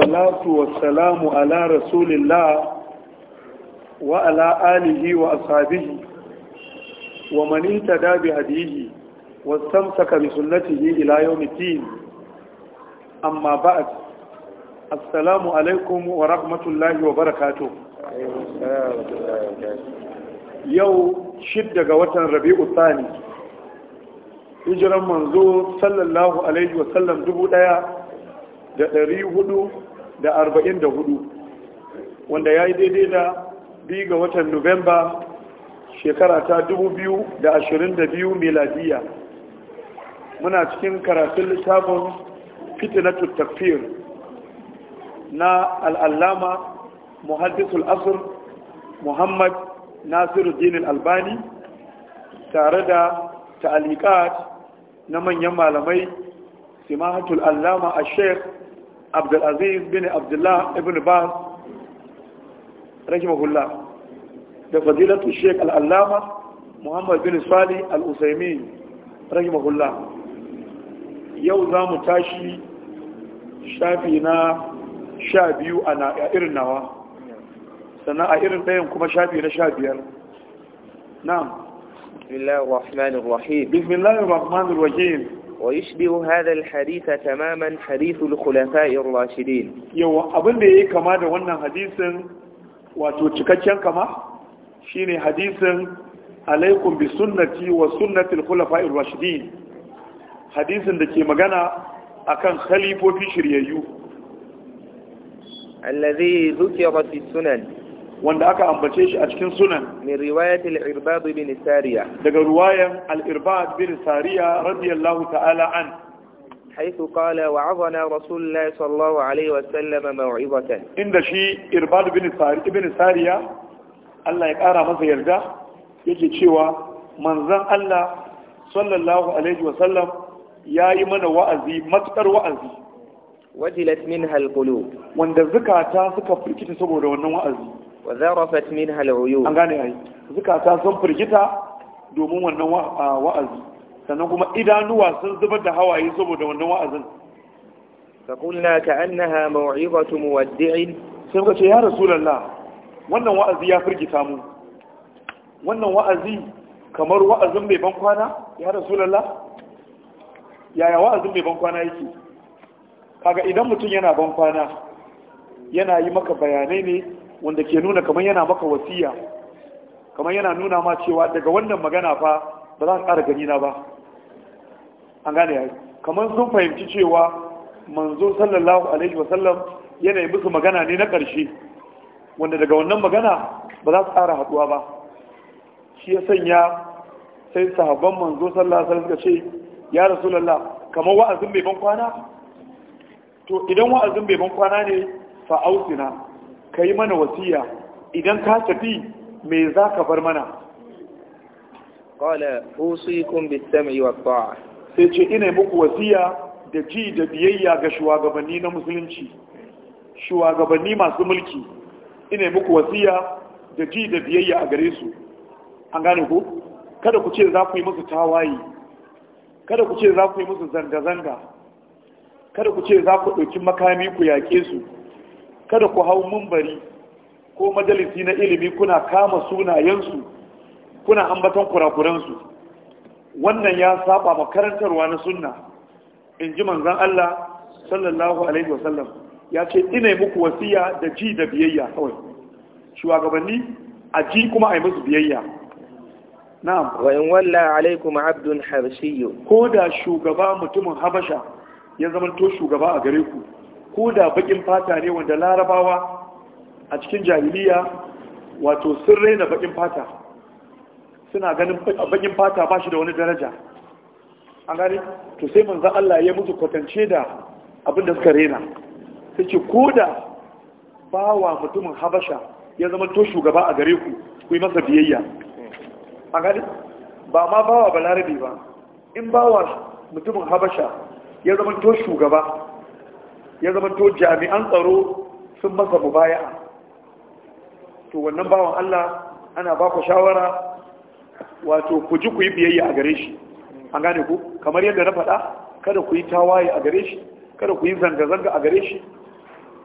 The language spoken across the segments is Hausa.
salatu wa salamu ala rasulillah wa ala alihi wa ashabihi wa man ihtada bi hadihi wa istamsaka bi sunnatihi ila yawmiddin amma ba'd assalamu alaikum wa rahmatullahi wa barakatuh yau shid daga watan rabi'u thani hijiran manzo sallallahu alaihi wa sallam dubu daya da ɗari hudu da arba'in da hudu wanda ya yi daidai da biyu ga watan nuwamba shekara ta dubu biyu da ashirin da biyu meladiya muna cikin karatun littafin fitinatul takfir na al'allama muhaddisul asir muhammad nasiru dinin albani tare da ta'alikat na manyan malamai simahatul allama a sheikh abdulaziz bin abdullah ibn bas rahimahullah da fadilatu sheik al'allama muhammad bin sali al'usaimin rahimahullah yau za mu tashi shafi na sha biyu a irin nawa sannan a irin ɗayan kuma shafi na sha biyar na'am بسم الله الرحمن ويشبه هذا الحديث تماما حديث الخلفاء الراشدين يو ابن ya yi kama da wannan hadisin wato cikakken kama shine hadisin alaikum bi sunnati wa sunnati al-khulafa ar hadisin da ke magana akan khalifofi shiryayyu alladhi dhukira fi sunan wanda aka ambace shi a cikin sunan min riwayat al-irbad bin sariya daga ruwayan al-irbad bin sariya radiyallahu ta'ala an haythu qala wa'azana rasulullah sallallahu alayhi wa sallam maw'izatan inda shi irbad bin sariya ibn sariya Allah ya kara masa yarda yake cewa manzon Allah sallallahu alaihi wa sallam yayi mana wa'azi matsar wa'azi wajilat minha al-qulub wanda zakata suka firkita saboda wannan wa'azi wa zarafat minha al-uyub an gane ai zukata sun firgita domin wannan wa'azi sannan kuma idanuwa sun zubar da hawaye saboda wannan wa'azin فقلنا كأنها موعظة muwaddi'in sai muka ce ya rasulullah wannan wa'azi ya firgita mu wannan wa'azi kamar wa'azin mai ban kwana ya rasulallah yaya wa'azin mai ban kwana yake kaga idan mutum yana ban kwana yana yi maka bayanai ne wanda ke nuna kamar yana maka wasiya kamar yana nuna ma cewa daga wannan magana fa ba za ka ƙara gani na ba an gane yi. kamar sun fahimci cewa manzo sallallahu alaihi wasallam yana yi musu magana ne na ƙarshe wanda daga wannan magana ba za su ƙara haɗuwa ba shi ya sanya sai sahabban manzo sallallahu alaihi suka ce ya rasulullah kamar wa'azin bai ban kwana to idan wa'azin bai ban kwana ne fa ausina ka yi mana wasiya idan ka tafi me za ka bar mana ƙwale usikun bisami wa ta'a sai ce ina muku wasiya da ji da biyayya ga shugabanni na musulunci shugabanni masu mulki ina muku wasiya da ji da biyayya a gare su an gane ku kada ku ce za ku yi musu tawaye kada ku ce za ku yi musu zanga-zanga kada ku ce za ku ɗauki makami ku yaƙe su kada ku hau mumbari ko majalisi na ilimi kuna kama sunayensu kuna ambaton kurakuransu wannan ya saba makarantarwa na sunna in ji manzan Allah sallallahu alaihi wasallam ya ce ina muku wasiya da ji da biyayya kawai shugabanni a ji kuma a yi musu biyayya na'am wa in walla alaikum abdun habashiyyu ko da shugaba mutumin habasha ya zama to shugaba a gare ku ko da bakin fata ne wanda larabawa a cikin jahiliya wato sun raina bakin fata suna ganin bakin fata ba shi da wani daraja an gani to sai manzan Allah ya mutu kwatance da abin da suka raina sai ce ko da bawa mutumin habasha ya zama to shugaba a gare ku ku yi masa biyayya an gani ba ma bawa balarabe ba in bawa mutumin habasha ya zama to shugaba ya zama to jami'an tsaro sun masa baya'a. to wannan bawan Allah ana ba ku shawara wato ku ji ku yi biyayya a gare shi an gane ku kamar yadda na faɗa kada ku yi tawaye a gare shi kada ku yi zanga-zanga a gare shi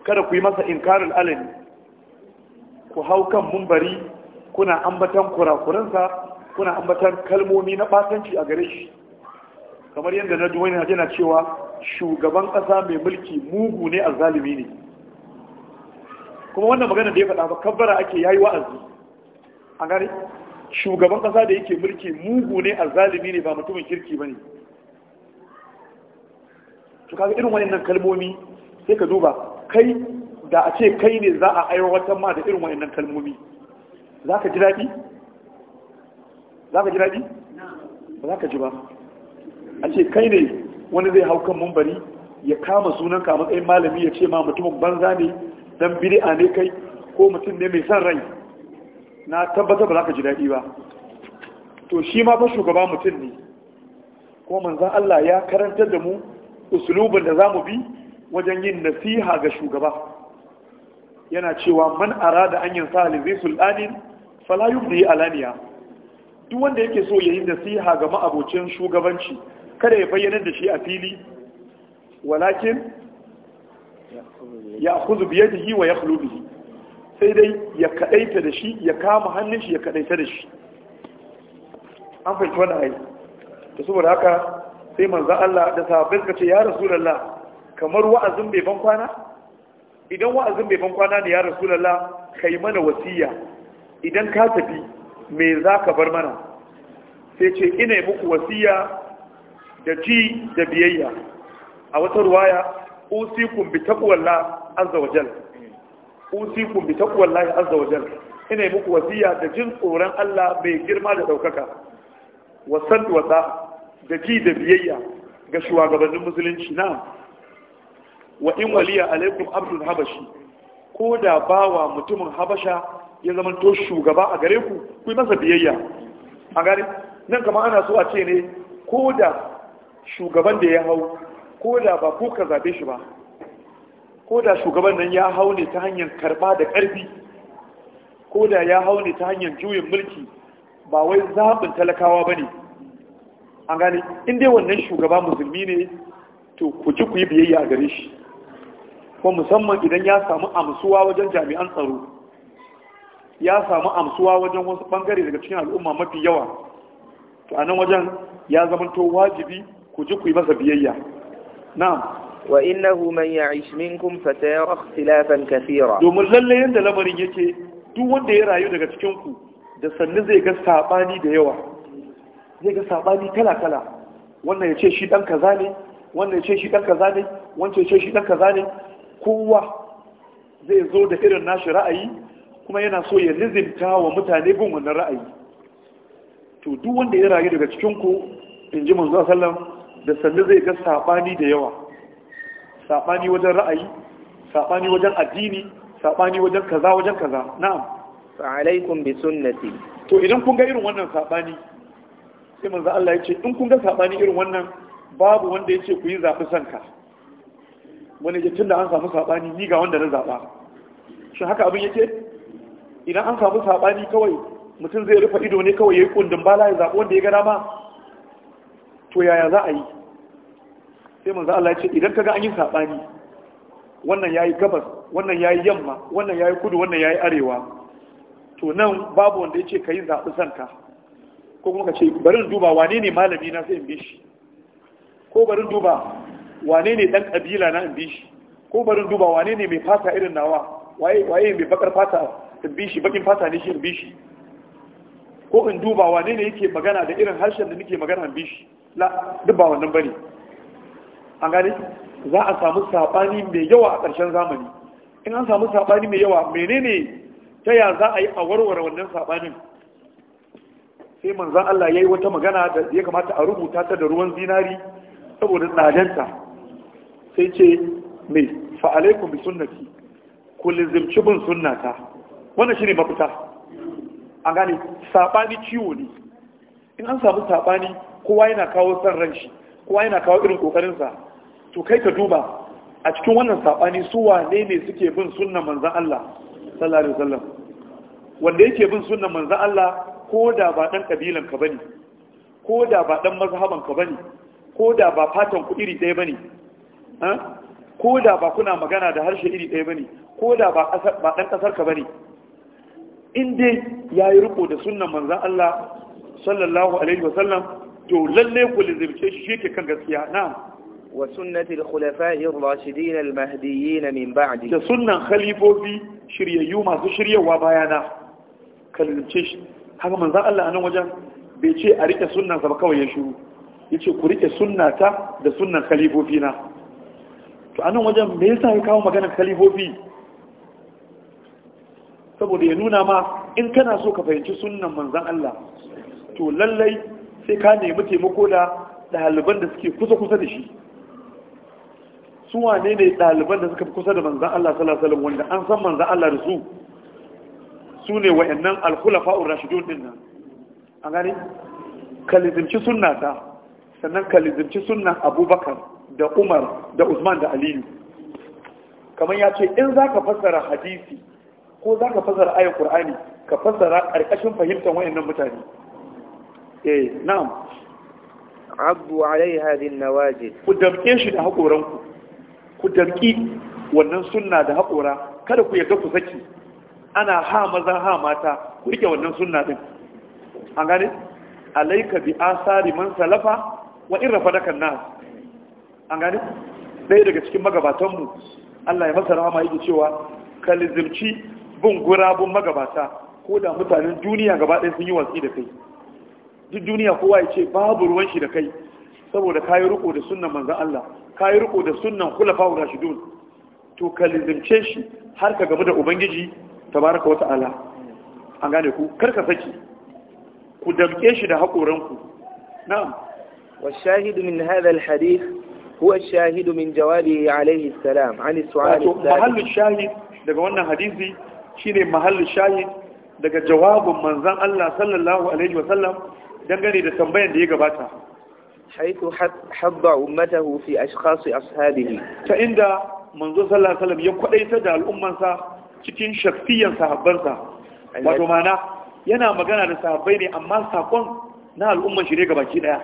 kada ku yi masa inkarin alani ku hau kan mumbari kuna ambatan kurakuransa kuna ambatan kalmomi na batanci a gare shi kamar yadda na duwani na jina cewa shugaban ƙasa mai mulki mugu ne a zalimi ne kuma wannan magana da ya faɗa ba kabbara ake yayi wa'azi a gari shugaban ƙasa da yake mulki mugu ne zalimi ne ba mutumin kirki ne to kaga irin wannan kalmomi sai ka duba kai da a ce kai ne za a aiwatar ma da irin wannan kalmomi za ka ji daɗi za ka ji daɗi ba za ka ji ba a ce kai ne wani zai hau kan mumbari ya kama sunan ka matsayin malami ya ce ma mutumin banza ne dan bid'a ne kai ko mutum ne mai son rai na tabbatar ba za ka ji daɗi ba to shi ma fa shugaba mutum ne ko manzan Allah ya karantar da mu usulubin da za mu bi wajen yin nasiha ga shugaba yana cewa man arada an yin sa zai sulɗanin falayu da yi alaniya duk wanda yake so ya yi nasiha ga ma'abocin shugabanci kada ya bayyana da shi a fili walakin ya khudhu bi yadihi wa yakhlu sai dai ya kadaita da shi ya kama hannun shi ya kadaita da shi an fahimci wannan ai to saboda haka sai manzo Allah da sahabbai suka ce ya rasulullah kamar wa'azin bai ban kwana idan wa'azin bai ban kwana ne ya rasulullah kai mana wasiya idan ka tafi me za ka bar mana sai ce ina muku wasiya da ji da biyayya a wata ruwaya usikum bi taqwallah azza wa jalla usikum bi taqwallah azza wa jalla ina muku wasiya da jin tsoron Allah mai girma da daukaka wa san wa da ji da biyayya ga shugabannin musulunci na wa in waliya alaikum abdul habashi ko da bawa mutumin habasha ya zama to shugaba a gare ku ku yi masa biyayya a gare nan kamar ana so a ce ne ko da shugaban da ya hau ko da ba ko ka zaɓe shi ba ko da shugaban nan ya hau ne ta hanyar karɓa da ƙarfi ko da ya hau ne ta hanyar juyin mulki ba wai zaɓin talakawa ba ne an gane inda wannan shugaba musulmi ne to ku ci ku yi biyayya a gare shi ko musamman idan ya samu amsuwa wajen jami'an tsaro ya samu amsuwa wajen wasu ɓangare daga cikin al'umma mafi yawa to a nan wajen ya zamanto wajibi ku ji ku yi masa biyayya na'am wa innahu man ya'ish minkum fatayara ikhtilafan kathira domin lalle yanda lamarin yake duk wanda ya rayu daga cikin ku da sannu zai ga sabani da yawa zai ga sabani kala kala wannan ya ce shi dan kaza ne wannan ya ce shi dan kaza ne wancan ya ce shi dan kaza ne kowa zai zo da irin nashi ra'ayi kuma yana so ya nizimta wa mutane bin wannan ra'ayi to duk wanda ya rayu daga cikin ku in ji manzo sallam da sannu zai ga saɓani da yawa saɓani wajen ra'ayi saɓani wajen addini saɓani wajen kaza wajen kaza na'am fa alaikum bi sunnati to idan kun ga irin wannan saɓani sai manzo Allah ya ce in kun ga saɓani irin wannan babu wanda ya ce ku yi zafi sanka wani ya tunda an samu saɓani ni ga wanda na zaɓa shin haka abin yake idan an samu saɓani kawai mutum zai rufe ido ne kawai ya yi kundin bala ya zaɓi wanda ya ga dama to yaya za a yi sai manzo Allah ya ce idan kaga an yi sabani wannan yayi gabas wannan yayi yamma wannan yayi kudu wannan yayi arewa to nan babu wanda yace kai zabi sanka ko kuma kace bari in duba wane ne malami na sai in bi shi ko bari in duba wane ne dan kabila na in bi shi ko bari in duba wane ne mai fata irin nawa waye waye mai bakar fata in bi shi bakin fata ne shi in bi shi ko in duba wane ne yake magana da irin harshen da nake magana bi shi la duk ba wannan bane an gane za a samu sabani mai yawa a ƙarshen zamani in an samu sabani mai yawa menene ta ya za a yi a warware wannan sabanin sai manzon Allah ya yi wata magana da ya kamata a rubuta ta da ruwan zinari saboda tsadanta sai ce mai alaikum bi sunnati kullu zimci bin sunnata wannan shine mafita a gane saɓani ciwo ne in an samu saɓani kowa yana kawo son ran shi kowa yana kawo irin ƙoƙarinsa to kai ka duba a cikin wannan saɓani su wane ne suke bin sunnan manzan Allah sallallahu alaihi wasallam wanda yake bin sunnan manzan Allah ko da ba ɗan ƙabilan ka bane ko da ba ɗan mazhaban ka bane ko da ba fatan ku iri ɗaya bane eh? ko da ba kuna magana da harshe iri ɗaya bane ko da ba ɗan ƙasar ka bane Inda ya yi riko da sunan manzan Allah sallallahu alaihi wasallam to lalle ku lizirce shi shi ke kan gaskiya na wa sunnatil khulafa'ir rashidin al-mahdiyyin min ba'di da sunan khalifofi shiryayyu masu shiryawa bayana ka lizirce shi haka manzan Allah a nan wajen bai ce a rike sunan sa ba kawai ya shiru yace ku rike sunnata da sunan khalifofi na to a nan wajen me yasa ya kawo maganar khalifofi saboda ya nuna ma in kana so ka fahimci sunan manzan Allah to lallai sai ka nemi taimako da ɗaliban da suke kusa-kusa da shi su ne ne ɗaliban da suka fi kusa da manzan Allah salasalin wanda an san manzan Allah da su su ne wa'annan alkhulafa'ur rashidun din nan a gani kalizimci sunna ta sannan kalizimci sunnan abubakar da umar da usman da aliyu kamar ya ce in za ka fassara hadisi ko za ka fasara ayar qur'ani ka fasara ƙarƙashin fahimtar wayannan mutane eh na'am abu alai hadin nawaje. ku damke shi da haƙoranku, ku damki wannan sunna da haƙora, kada ku yarda ku saki ana ha maza ha mata ku rike wannan sunna din an gane alaika bi asari man salafa wa in dakan nas an gane dai daga cikin magabatanmu Allah ya masa rahama yake cewa ka lizimci bin gurabun magabata ko da mutanen duniya gaba ɗaya sun yi watsi da kai duk duniya kowa ya ce babu ruwan shi da kai saboda ka yi riko da sunan manzan Allah ka yi riko da sunnan kulafa wa rashidun to ka lizimce shi har ka gamu da ubangiji tabaraka wa ta'ala an gane ku kar ka saki ku damke shi da haƙoranku na'am wa shahidu min hadha al-hadith huwa shahidu min jawabi alayhi salam an su'al al-salam mahallin shahid daga wannan hadisi shine mahallin shahid daga jawabin Manzan Allah sallallahu alaihi wasallam dangane da tambayar da ya gabata haitu habba ummatahu fi ashkhas ashabihi ta inda manzo sallallahu alaihi wasallam ya kwadaita da al'ummansa cikin shafiyan sahabbansa wato mana yana magana da sahabbai ne amma sakon na al'umman shi ne gabaki daya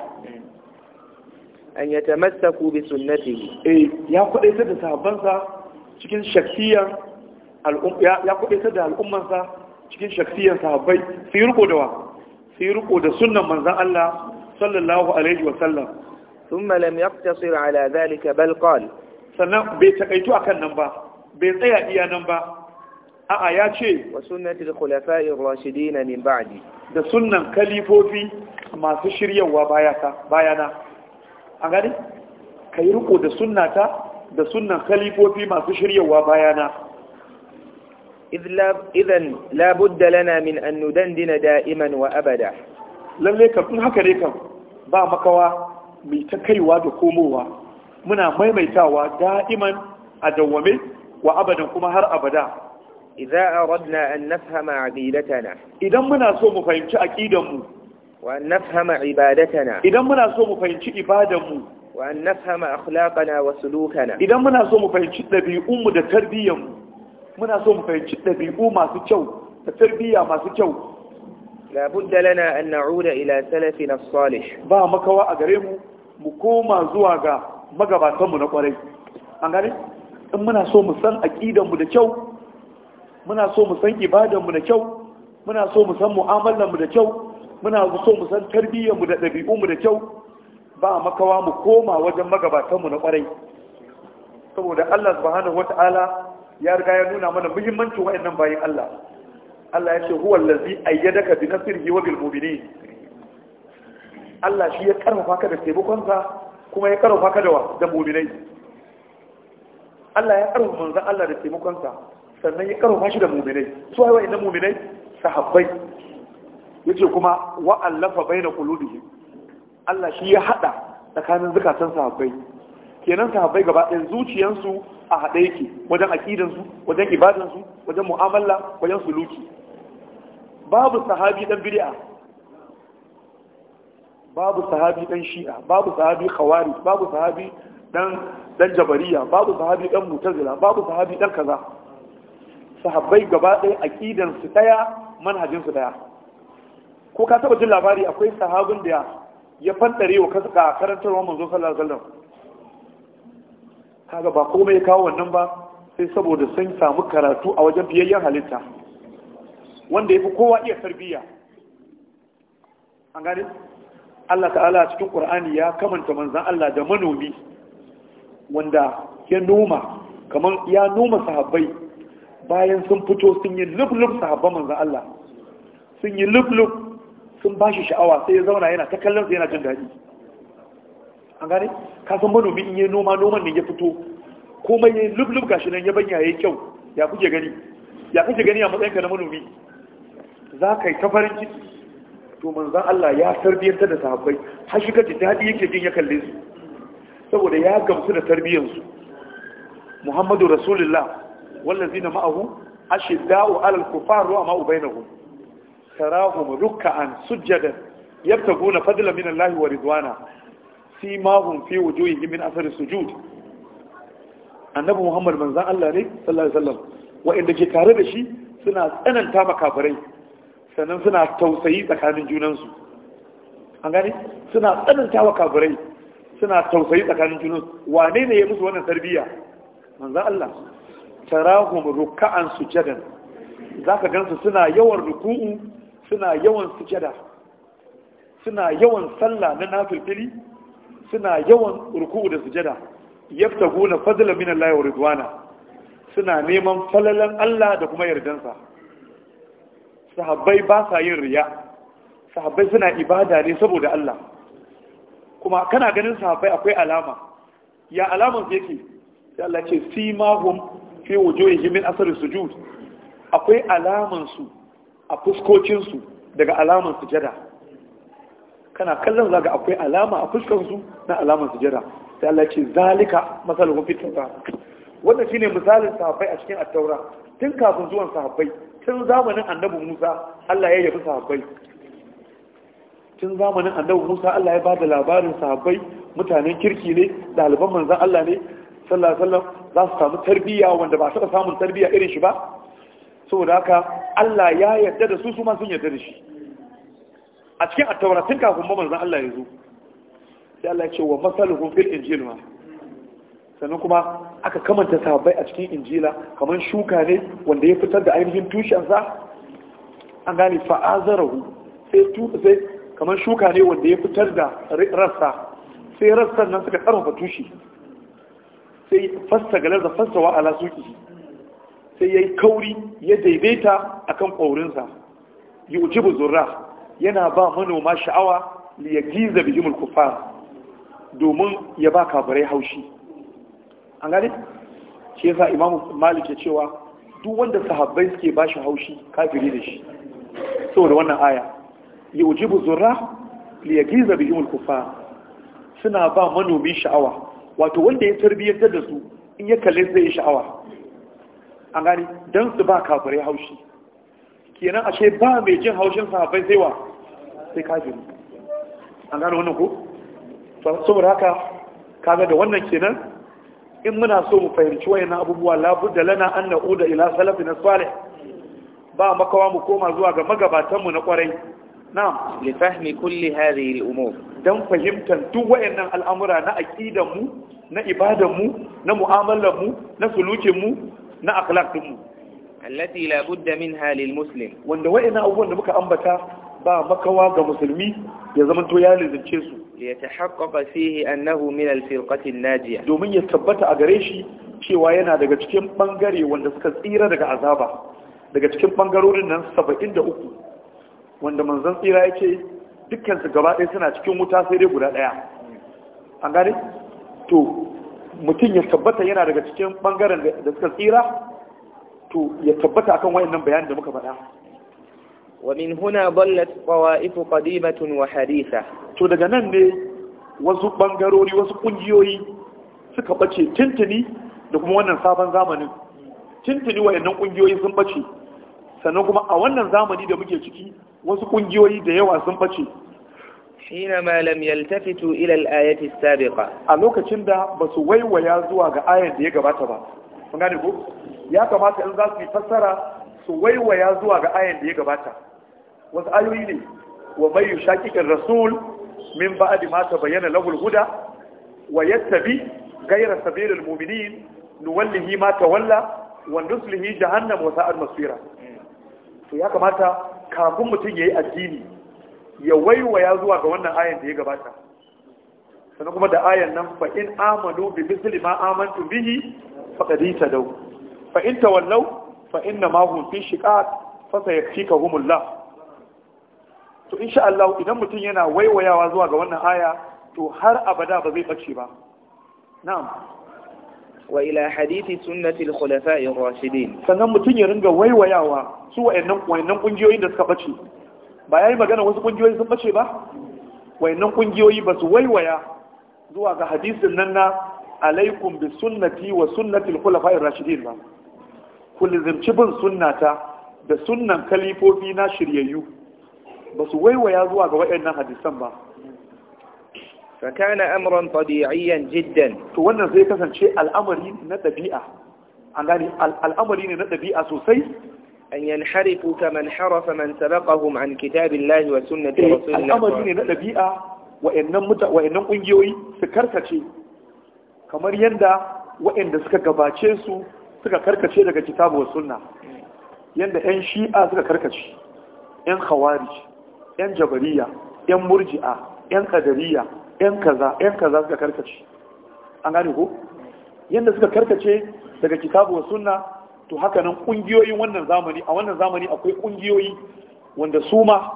an yatamassaku bi sunnatihi eh ya kwadaita da sahabbansa cikin shafiyan ya kudatar da al'ummansa cikin shaksiyar sahabbai su yi riko da wa su yi riko da sunan manzan Allah sallallahu alaihi wa sallam ثم لم يقتصر على ذلك بل قال sannan bai takaitu kan nan ba bai tsaya iya nan ba a'a ya ce wa sunnati al-khulafa'i ar-rashidin min ba'di da sunan kalifofi masu shiryawa bayana an gani kai riko da sunnata da sunnan kalifofi masu shiryawa bayana idan labudda lana min an nudandina da'iman wa abada lalle kan in haka ne kan ba makawa mai ta kaiwa da komowa muna maimaitawa da'iman a dawwame wa abadan kuma har abada idza aradna an nafhama aqidatana idan muna so mu fahimci aqidan mu wa an nafhama ibadatana idan muna so mu fahimci ibadan mu wa an nafhama akhlaqana wa idan muna so mu fahimci mu da tarbiyyar mu muna so mu fahimci ɗabi'u masu kyau da tarbiyya masu kyau la budda lana an na'uda ila salafina salih ba makawa a gare mu mu koma zuwa ga magabatanmu na kwarai an gane in muna so mu san aqidan mu da kyau muna so mu san ibadan mu da kyau muna so mu san mu'amalan mu da kyau muna so mu san tarbiyyar mu da ɗabi'u mu da kyau ba makawa mu koma wajen magabatanmu na kwarai saboda Allah subhanahu wata'ala ya riga ya nuna mana muhimmancin wayannan bayin Allah Allah ya ce huwa allazi ayyadaka bi nasrihi wa bil mu'minin Allah shi ya karfafa ka da taimakon sa kuma ya karfafa ka da da mu'minai Allah ya karfafa manzon Allah da taimakon sa sannan ya karfafa shi da mu'minai su ai wayannan mu'minai sahabbai yace kuma wa allafa baina qulubihim Allah shi ya hada tsakanin zukatan sahabbai kenan sahabbai gaba ɗayan zuciyansu a haɗe yake wajen aƙidansu wajen ibadansu wajen mu'amala wajen suluki babu sahabi ɗan bid'a babu sahabi ɗan shi'a babu sahabi khawari babu sahabi ɗan jabariya babu sahabi ɗan mutazila babu sahabi ɗan kaza sahabbai gaba ɗaya aƙidansu ɗaya manhajinsu ɗaya ko ka taɓa jin labari akwai sahabin da ya fantare wa karantarwa manzo sallallahu alaihi wasallam kaga ba komai ya kawo wannan ba sai saboda sun samu karatu a wajen biyayyen halitta wanda ya fi kowa iya tarbiyya an gani Allah ta'ala cikin ƙur'ani ya kamanta manzan Allah da manomi wanda ya noma kamar ya noma sahabbai bayan sun fito sun yi lublub sahabban manzan Allah sun yi lublub sun ba shi sha'awa sai ya zauna yana ta kallon yana jin daɗi an gane ka manomi in yi noma noman ne ya fito komai ya lublub gashi nan ya banya ya kyau ya kuke gani ya kuke gani a matsayin ka na manomi za ka yi ta farin ciki to manzon Allah ya ta da sahabbai har shi ta dadi yake jin ya kalle su saboda ya gamsu da tarbiyyar su Muhammadu Rasulullah wallazina ma'ahu ashidda'u 'alal kuffar ru'ama ma tarahum ruk'an sujjadan. yabtaguna gona, min Allah wa ridwana simahun fi wujuhihim min asari sujud annabi muhammad manzon Allah ne sallallahu alaihi wasallam inda ke tare da shi suna tsananta makafirai sannan suna tausayi tsakanin junansu an gane suna tsananta wa suna tausayi tsakanin junansu wane ne ya musu wannan tarbiyya manzon Allah tarahum ruk'an sujadan zaka gansu suna yawan ruku'u suna yawan sujada suna yawan sallah na nafilfili suna yawan ruku'u da sujada yaftahuna fadlan min Allah wa ridwana suna neman falalan Allah da kuma yardansa sahabbai ba sa yin riya sahabbai suna ibada ne saboda Allah kuma kana ganin sahabbai akwai alama ya alaman su yake sai Allah ce simahum fi wujuhihim min asar sujud akwai alaman su a fuskocin su daga alaman sujada kana kallon zaga akwai alama a fuskarsu na alamar sujada sai Allah ce zalika masalun fi tawra wannan shine misalin sahabbai a cikin at-taura tun kafin zuwan sahabbai tun zamanin annabi Musa Allah ya yabi sahabbai tun zamanin annabi Musa Allah ya bada labarin sahabbai mutanen kirki ne daliban manzon Allah ne sallallahu alaihi wasallam za su samu tarbiyya wanda ba su samun tarbiyya irin shi ba saboda haka Allah ya yarda da su su ma sun yarda da shi a cikin attaura tun kafin ma Allah ya zo sai Allah ya ce wa masaluhum fil injil ma sannan kuma aka kamanta sabai a cikin injila kamar shuka ne wanda ya fitar da ainihin tushensa an gane fa'azarahu sai sai kamar shuka ne wanda ya fitar da rassa sai rassa nan suka karfafa tushe sai fasta galar da fasta wa ala suki sai yayi kauri ya daidaita akan kaurinsa yujibu zurra yana ba manoma sha'awa giza yagiza bihimul kuffar domin ya ba kafirai haushi an gane shi yasa imamu malik ya cewa duk wanda sahabbai suke ba shi haushi kafiri da shi saboda wannan aya ya yujibu zurra giza yagiza bihimul kuffar suna ba manomi sha'awa wato wanda ya tarbiyyantar da su in ya kalle zai yi sha'awa an gane dan su ba kafirai haushi kenan ashe ba mai jin haushin sahabbai zaiwa. sai kafiri an gano wannan ko saboda haka kaga da wannan kenan in muna so mu fahimci wayannan abubuwa labudda lana an na'uda ila salafina salih ba makawa mu koma zuwa ga magabatan mu na kwarai na'am li fahmi kulli hadhihi al-umur dan fahimtar duk wayannan al'amura na aqidan mu na ibadan mu na mu'amalar mu na sulukin mu na akhlaqin mu allati la budda minha lil muslim wanda wayannan abubuwan da muka ambata ba makawa ga musulmi ya zama to ya lizince su ya tahaqqaqa fihi annahu min al najiya domin ya tabbata a gare shi cewa yana daga cikin ɓangare wanda suka tsira daga azaba daga cikin ɓangarorin nan saba'in da uku, wanda manzan tsira yake dukkan su gaba ɗaya suna cikin wuta sai dai guda ɗaya an gane to mutum ya tabbata yana daga cikin ɓangaren da suka tsira to ya tabbata akan wayannan bayanin da muka faɗa ومن هنا ضلت طوائف قديمة وحديثة to daga nan ne wasu bangarori wasu kungiyoyi suka bace tintini da kuma wannan sabon zamanin tintini wayannan kungiyoyi sun bace sannan kuma a wannan zamani da muke ciki wasu kungiyoyi da yawa sun bace حينما لم يلتفتوا إلى A lokacin da basu waiwaya zuwa ga ayar da ya gabata ba kun gane ko ya kamata in za su yi fassara su waiwaya zuwa ga ayan da ya gabata wasu ayoyi ne wa mai yushaqiqir rasul min ba'di ma tabayyana lahu al-huda wa yattabi ghayra sabilil mu'minin nuwallihi ma walla wa nuslihi jahannam wa sa'at masira to ya kamata kafin mutum yayi addini ya waiwaya zuwa ga wannan ayan da ya gabata sannan kuma da ayan nan fa in amanu bi misli ma amantu bihi faqad itadaw fa in tawallaw fa inna ma hum fi shiqaq fa sayakfikahumullah to insha Allah idan mutum yana waiwayawa zuwa ga wannan aya to har abada ba zai bace ba na'am wa ila hadithi sunnati al-khulafa'i ar-rashidin sannan mutum ya ringa waiwayawa su wayannan wayannan kungiyoyin da suka bace ba yayi magana wasu kungiyoyi sun bace ba wayannan kungiyoyi ba su waiwaya zuwa ga hadisin nan na alaikum bi sunnati wa sunnati al-khulafa'i ar-rashidin ba ku lizimci bin sunnata da sunnan kalifofi na shiryayyu ba su waiwaya zuwa ga waɗannan hadisan ba فكان امرا طبيعيا jiddan. to wannan zai kasance al'amari na dabi'a an gani al'amari ne na dabi'a sosai an yanharifu kaman harafa man sabaqahum an kitabillahi wa sunnati eh, rasulillahi al'amari ne na dabi'a wa'annan muta wa'annan kungiyoyi su karkace kamar yanda wa'anda suka gabace su suka karkace daga kitabu wa sunna yanda yan shi'a suka karkace yan khawarij yan jabariya yan murji'a yan kadariya yan kaza yan kaza suka karkace an gane ko yanda suka karkace daga kitabu wa sunna to haka nan kungiyoyin wannan zamani a wannan zamani akwai ƙungiyoyi wanda su ma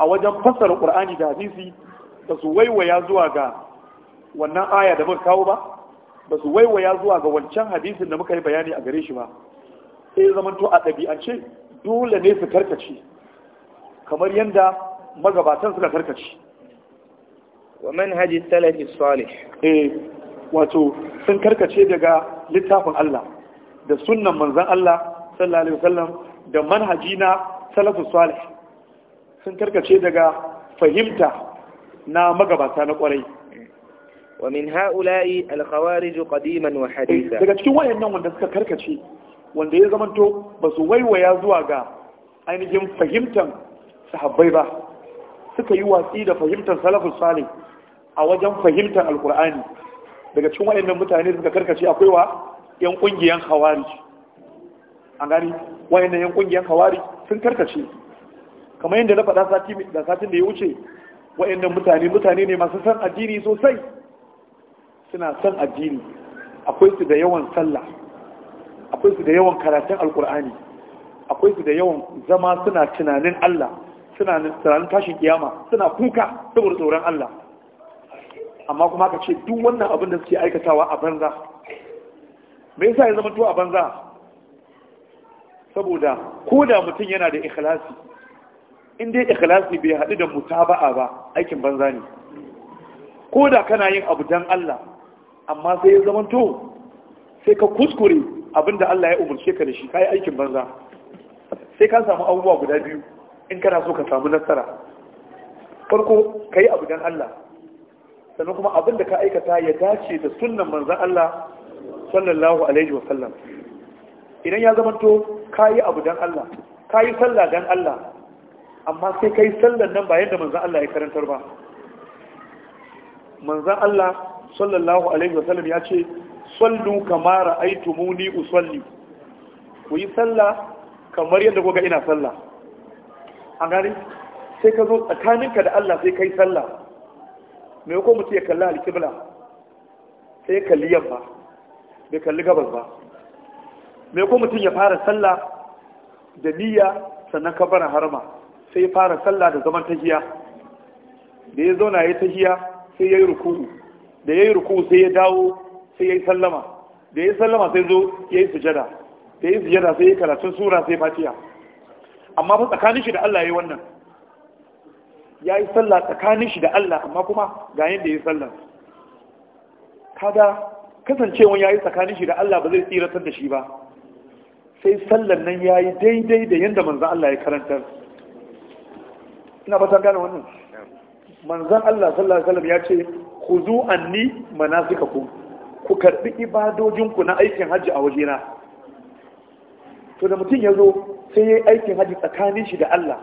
a wajen fassara qur'ani da hadisi ba su waiwaya zuwa ga wannan aya da muka kawo ba ba su waiwaya zuwa ga wancan hadisin da muka yi bayani a gare shi ba sai zamanto a ɗabi'ance dole ne su karkace kamar yadda magabatan suka karkace wa manhaji salafi salih eh wato sun karkace daga littafin Allah da sunnan manzon Allah sallallahu alaihi wasallam da manhaji na salafu salih sun karkace daga fahimta na magabata na kwarai wa min ha'ula'i al-khawarij qadiman wa eh, haditha daga cikin wayannan wanda suka karkace wanda ya zamanto ba su waiwaya zuwa ga ainihin fahimtar sahabbai ba suka yi watsi da fahimtar salafus salih a wajen fahimtar alkur'ani daga cikin waɗannan mutane suka karkace akwai wa yan ƙungiyar hawari an gani waɗannan yan ƙungiyar hawari sun karkace kamar yadda na faɗa sati da satin da ya wuce waɗannan mutane mutane ne masu san addini sosai suna san addini akwai su da yawan sallah akwai su da yawan karatun alkur'ani akwai su da yawan zama suna tunanin Allah suna tunanin tashin kiyama suna kuka saboda tsoron Allah amma kuma ka ce duk wannan abin da suke aikatawa a banza me yasa ya zama to a banza saboda ko da mutum yana da ikhlasi in dai ikhlasi bai haɗu da mutaba'a ba aikin banza ne ko da kana yin abu dan Allah amma sai ya zama to sai ka kuskure abinda Allah ya umarce ka da shi kai aikin banza sai ka samu abubuwa guda biyu in kana so ka samu nasara farko ka yi abu don Allah sannan kuma abin da ka aikata ya dace da sunan manzan Allah sallallahu alaihi wasallam idan ya zamanto ka yi abu don Allah ka yi sallah don Allah amma sai ka yi sallan nan bayan da manzan Allah ya karantar ba manzan Allah sallallahu alaihi wasallam ya ce sallu kamara muni usalli ku yi sallah kamar yadda kuka ina sallah A gari sai ka zo tsakaninka da Allah sai kai sallah me ko mutum ya kalla alƙibla sai ya kalli yamma bai kalli gabas ba me ko mutum ya fara sallah da niyya sannan ka bara harma sai ya fara sallah da zaman tahiya da ya zauna ya tahiya sai ya yi ruku'u da ya yi ruku'u sai ya dawo sai ya yi sallama da ya yi sallama sai zo ya yi sujada da ya yi sujada sai ya yi karatun sura sai fatiha amma fa tsakanin shi da Allah ya yi wannan ya yi sallah tsakanin shi da Allah amma kuma ga yadda ya yi sallah kada kasancewan yi tsakanin shi da Allah ba zai tsiratar da shi ba sai sallan nan ya yi daidai da yadda manzan Allah ya karantar ina ba ta gane wannan manzan Allah sallallahu alaihi wasallam ya ce ni mana suka ku karɓi ibadojinku na aikin hajji a wajena to da mutum ya zo sai ya yi aikin hajji tsakanin shi da Allah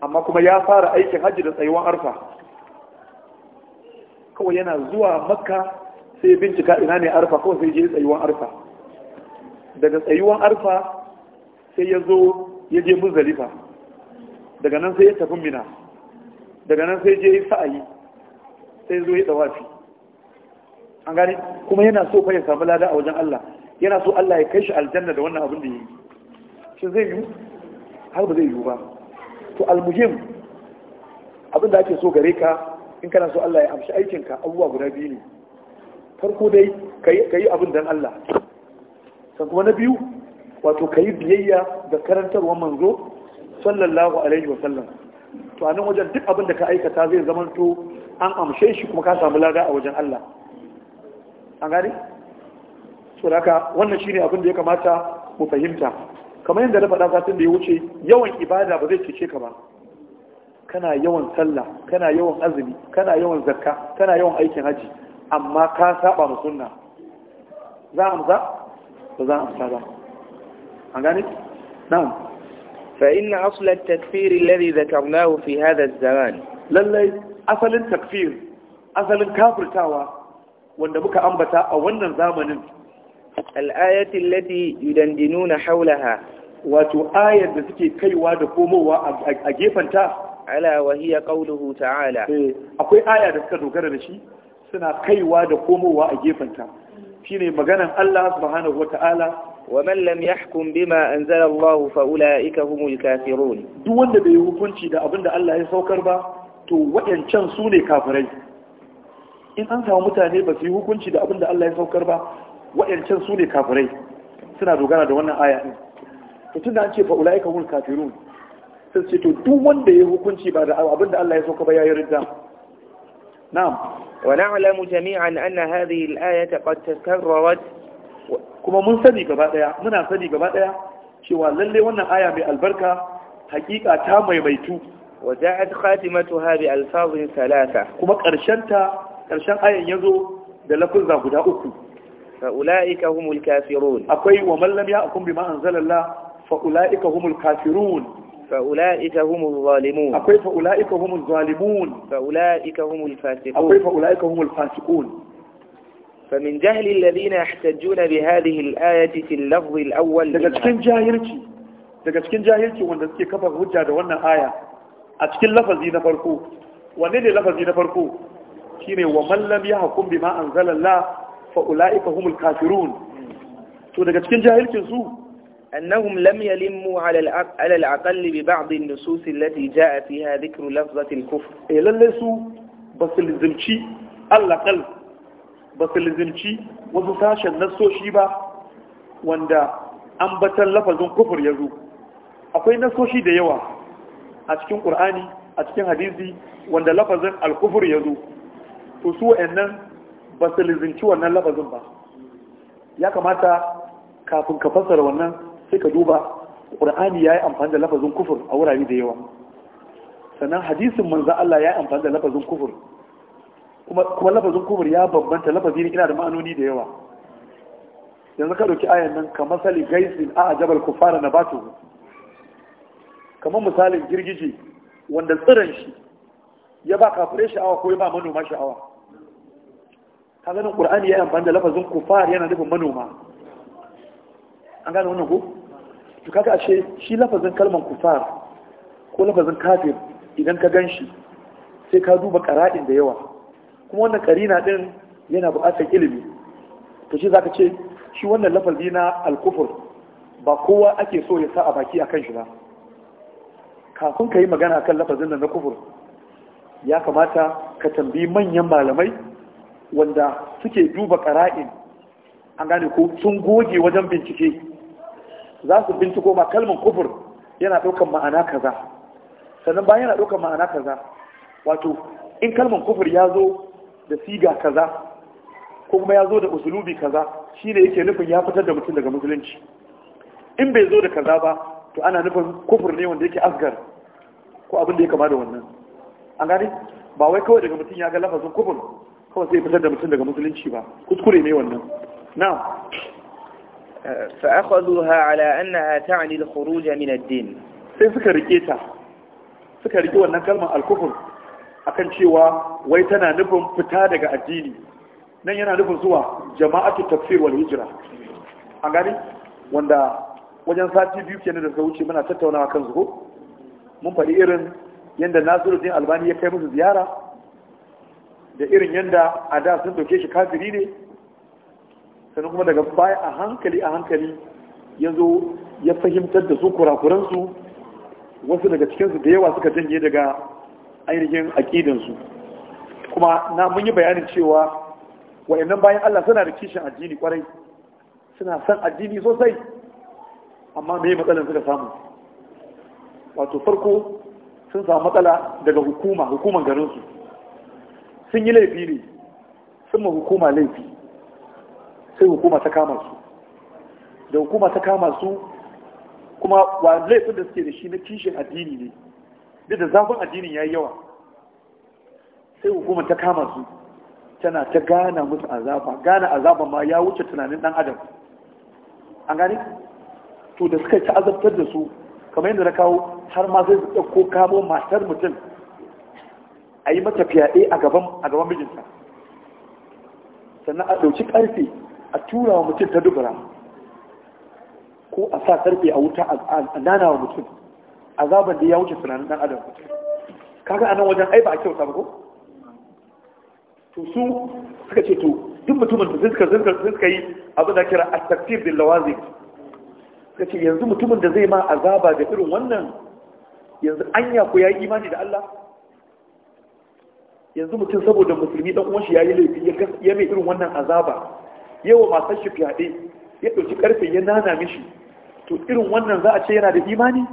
amma kuma ya fara aikin hajji da tsayuwan arfa kawai yana zuwa makka sai bincika ina ne arfa kawai sai je tsayuwan arfa daga tsayuwan arfa sai ya zo ya je muzalifa daga nan sai ya tafi mina daga nan sai je sa'ayi sai zo ya dawafi an gani kuma yana so fa ya samu lada a wajen Allah yana so Allah ya kai shi aljanna da wannan abin da yi shi zai yi har ba zai yi ba to almuhim abin da ake so gare ka in kana so Allah ya amshi aikinka abubuwa guda biyu ne farko dai ka yi abin dan Allah san kuma na biyu wato ka yi biyayya da karantarwar manzo sallallahu alaihi wa sallam to a nan wajen duk abin da ka aikata zai zamanto an amshe shi kuma ka samu lada a wajen Allah an gani? suraka wannan shine abin da ya kamata mu fahimta kamar yadda na faɗa satin da ya wuce yawan ibada ba zai cece ka ba kana yawan sallah kana yawan azumi kana yawan zakka kana yawan aikin haji amma ka saba mu sunna za a amsa ba za amsa ba an gane na'am fa inna asl at-takfir alladhi dhakarnahu fi hadha az-zaman lallai asalin takfir asalin kafirtawa wanda muka ambata a wannan zamanin al'ayati allati nuna haulaha wato ayar da suke kaiwa da komowa a gefanta ala wa hiya ta'ala akwai aya da suka dogara da shi suna kaiwa da komowa a gefanta shine maganan Allah subhanahu wata'ala ومن لم يحكم بما أنزل الله فأولئك هم duk wanda bai hukunci da abinda Allah ya saukar ba to waɗancan sune kafirai in an samu mutane ba su yi hukunci da abinda Allah ya saukar ba waɗancan su ne kafirai suna dogara da wannan aya ɗin to tun da an ce fa'ula'ika hul kafirun sai ce to duk wanda ya hukunci ba da abin da Allah ya sauka ba ya yi ridda na'am wa na'lamu jami'an anna hadhihi al-ayata qad takarrarat kuma mun sani gaba daya muna sani gaba daya cewa lalle wannan aya mai albarka hakika ta maimaitu wa ja'at khatimatuha bi alfazin thalatha kuma karshen ta karshen ayan yazo da lafuzza guda uku fa ulaika humul kafirun akwai wa man lam yahkum bima anzalallah fa ulaika humul kafirun fa humul zalimun akwai fa humul zalimun fa humul akwai fa فمن جهل الذين يحتجون بهذه الآية في اللفظ الأول daga cikin daga cikin jahilci wanda suke kafa hujja da wannan aya a cikin lafazi na farko wanne ne lafazi na farko wa fa ulaika humul kafirun to daga cikin jahilcin su annahum lam yalimmu ala al-aqall bi ba'd an-nusus allati ja'a fiha dhikru lafzati al-kufr eh lalle su basu lizimci Allah kal basu lizimci wasu sashen nasoshi ba wanda ambatan lafazin kufur ya zo akwai nasoshi da yawa a cikin qur'ani a cikin hadisi wanda lafazin al-kufr ya zo to su wa'annan ba su wannan labazin ba ya kamata kafin ka fassara wannan sai ka duba ƙur'ani ya yi amfani da labazin kufur a wurare da yawa sannan hadisin manzan Allah ya yi amfani da lafazin kufur kuma labazin kufur ya bambanta lafazi ne ina da ma'anoni da yawa yanzu ka ɗauki ayan nan ka masali gaisin a jabal kufara na batu kamar misalin girgije wanda tsiran shi ya ba kafure sha'awa ko ya ba manoma sha'awa kaga nan qur'ani ya amfani da lafazin kufar yana nufin manoma an gane wannan ko to kaga ashe shi lafazin kalman kufar ko lafazin kafir idan ka gan shi, sai ka duba qara'in da yawa kuma wannan karina din yana buƙatar ilimi to shi zaka ce shi wannan lafazi na al kufur ba kowa ake so ya sa a baki akan shi ba kafin ka yi magana akan lafazin nan na kufur ya kamata ka tambayi manyan malamai wanda suke duba ƙara'in an gane ko sun goge wajen bincike za su binciko ma kalmar kufur yana ɗaukar ma'ana kaza sannan bayan yana ɗaukar ma'ana kaza wato in kalmar kufur ya zo da siga kaza ko kuma ya zo da usulubi kaza shine yake nufin ya fitar da mutum daga musulunci in bai zo da kaza ba to ana nufin kufur ne wanda yake asgar ko abin da ya kama da wannan an gane ba wai kawai daga mutum ya ga lafazin kufur kawai zai fitar da mutum daga musulunci ba kuskure ne wannan na ha على أنها تعني الخروج من din. sai suka rike ta suka rike wannan kalmar A akan cewa wai tana nufin fita daga addini nan yana nufin zuwa jama'atu tafsir wal hijra an gani wanda wajen sati biyu kenan da suka wuce muna tattaunawa kan su mun faɗi irin yadda Nasiruddin Albani ya kai musu ziyara da irin yadda a da sun doke shi kafiri ne sannan kuma daga baya a hankali a hankali yanzu ya fahimtar da su kurakuransu wasu daga cikinsu da yawa suka janye daga ainihin aƙidansu kuma na mun yi bayanin cewa wa'annan bayan Allah suna da kishin addini kwarai suna son addini sosai amma me matsalar suka samu wato farko sun samu matsala daga hukuma hukuman garinsu sun yi laifi ne sun ma hukuma laifi sai hukuma ta kama su da hukuma ta kama su kuma wa laifin da suke da shi na kishin addini ne duk da zafin addinin ya yi yawa sai hukuma ta kama su tana ta gana musu azaba gana azaban ma ya wuce tunanin dan adam an gani? to da suka ci azabtar da su kamar yadda na kawo har ma sai su ɗauko kamo matar mutum a yi mata fiyaɗe a gaban mijinta sannan a ɗauki ƙarfe a tura wa mutum ta dubura ko a sa ƙarfe a wuta a nana wa mutum azaban da ya wuce tunanin ɗan adam kaga a nan wajen ai ba a kyauta ba ko to su suka ce to duk mutumin da suka suka suka yi abin da kira at-takfir bil lawazim suka ce yanzu mutumin da zai ma azaba da irin wannan yanzu anya ko yayi imani da Allah yanzu mutum saboda musulmi dan uwan shi yayi laifi ya mai irin wannan azaba yawa matar shi fyaɗe ya ɗauki karfe ya nana mishi to irin wannan za a ce yana da imani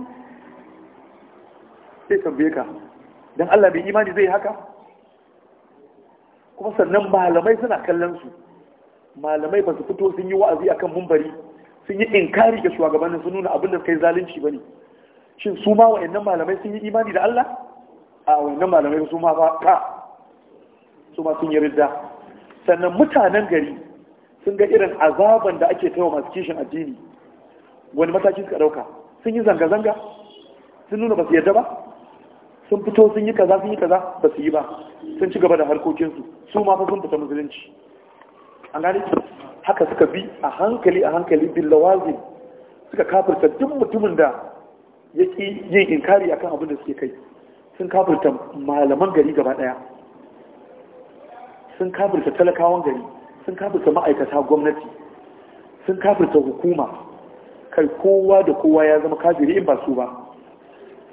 sai tambaye ka dan Allah mai imani zai haka kuma sannan malamai suna kallon su malamai ba su fito sun yi wa'azi akan mumbari sun yi inkari ga shugabannin sun nuna abin da kai zalunci bane shin su ma wa'annan malamai sun yi imani da Allah a nan malamai su ma ba ka su ma sun yi ridda sannan mutanen gari sun ga irin azaban da ake taiwa masu kishin addini wani mataki suka ɗauka sun yi zanga-zanga sun nuna ba su yarda ba sun fito sun yi kaza sun yi kaza ba su yi ba sun ci gaba da harkokinsu su ma fa sun fita musulunci an gane haka suka bi a hankali a hankali bin lawazin suka kafirta duk mutumin da ya yin inkari akan abin da suke kai sun kafirta malaman gari gaba ɗaya sun kafirta talakawan gari sun kafirta ma'aikata gwamnati sun kafirta hukuma kai kowa da kowa ya zama kafiri in ba su ba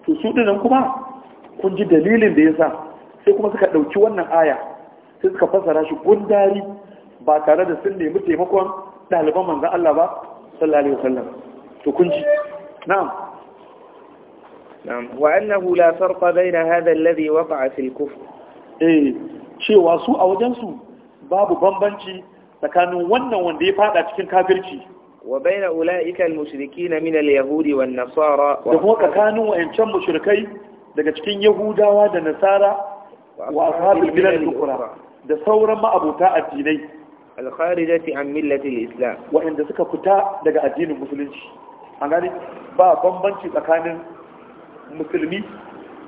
to su dinan kuma kun ji dalilin da ya sa sai kuma suka ɗauki wannan aya sai suka fassara shi gundari ba tare da sun nemi taimakon ɗaliban manzan Allah ba sallallahu alaihi wasallam to kun ji na'am na'am wa annahu la farqa bayna hadha alladhi waqa'a fil kufr eh cewa su a wajensu babu bambanci tsakanin wannan wanda ya fada cikin kafirci wa baina ulaika na min alyahudi wan nasara da kuma tsakanin wayancan mushrikai daga cikin yahudawa da nasara wa ashabul bilal ukhra da sauran ma'abuta addinai alkharijati an millati Wa wa'anda suka fita daga addinin musulunci an gani ba bambanci tsakanin musulmi